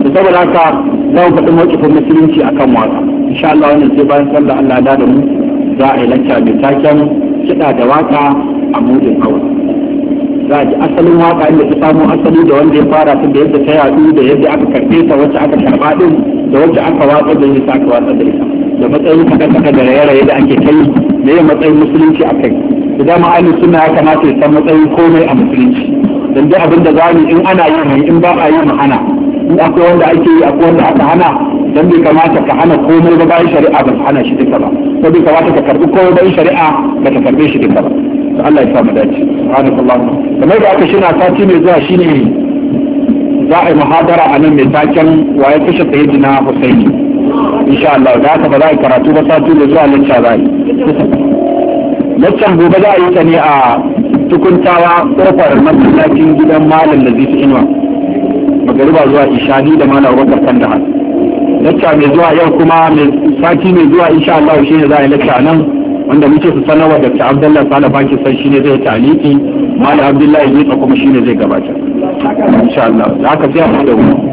da saboda haka za mu faɗi mawakifin musulunci a kan waka insha Allah wannan sai bayan sallah Allah da mu za a yi lacca mai taken kiɗa da waka a mudin kawai za a ji asalin waka inda ta samo asali da wanda ya fara tun da yadda ta yadu da yadda aka karɓe ta wacce aka karɓa ɗin da wacce aka watsa aka watsa da matsayin da raye-raye da ake kai me matsayin musulunci da dama ahli sunna ya kamata ya san matsayin komai a musulunci dan duk abin da zamu in ana yi mai in ba a yi mu hana in akwai wanda ake yi akwai wanda aka hana dan bai kamata ka hana komai ba bayan shari'a ba hana shi duka ba ko bai kamata ka karbi komai bayan shari'a ba ka karbe shi duka ba to Allah ya sa mu dace subhanallah kamar da aka shina sati mai zuwa shine za a yi muhadara a nan mai taken waye kashe na hussaini insha Allah da haka ba za a karatu ba sati mai zuwa lecture za a yi Laccan gobe za a yi ta ne a tukuntawa kofar masallacin gidan malam da zai inuwa. Magariba zuwa ishani da malam Abubakar Kandahar. Lacca mai zuwa yau kuma mai sati mai zuwa insha Allah shi ne za a yi lacca nan wanda muke su sanarwa Dr. Abdullahi Sala Baki san shi ne zai taliki, Malam Abdullahi Yitsa kuma shi ne zai gabata. Insha Allah. Da haka sai a da wuri.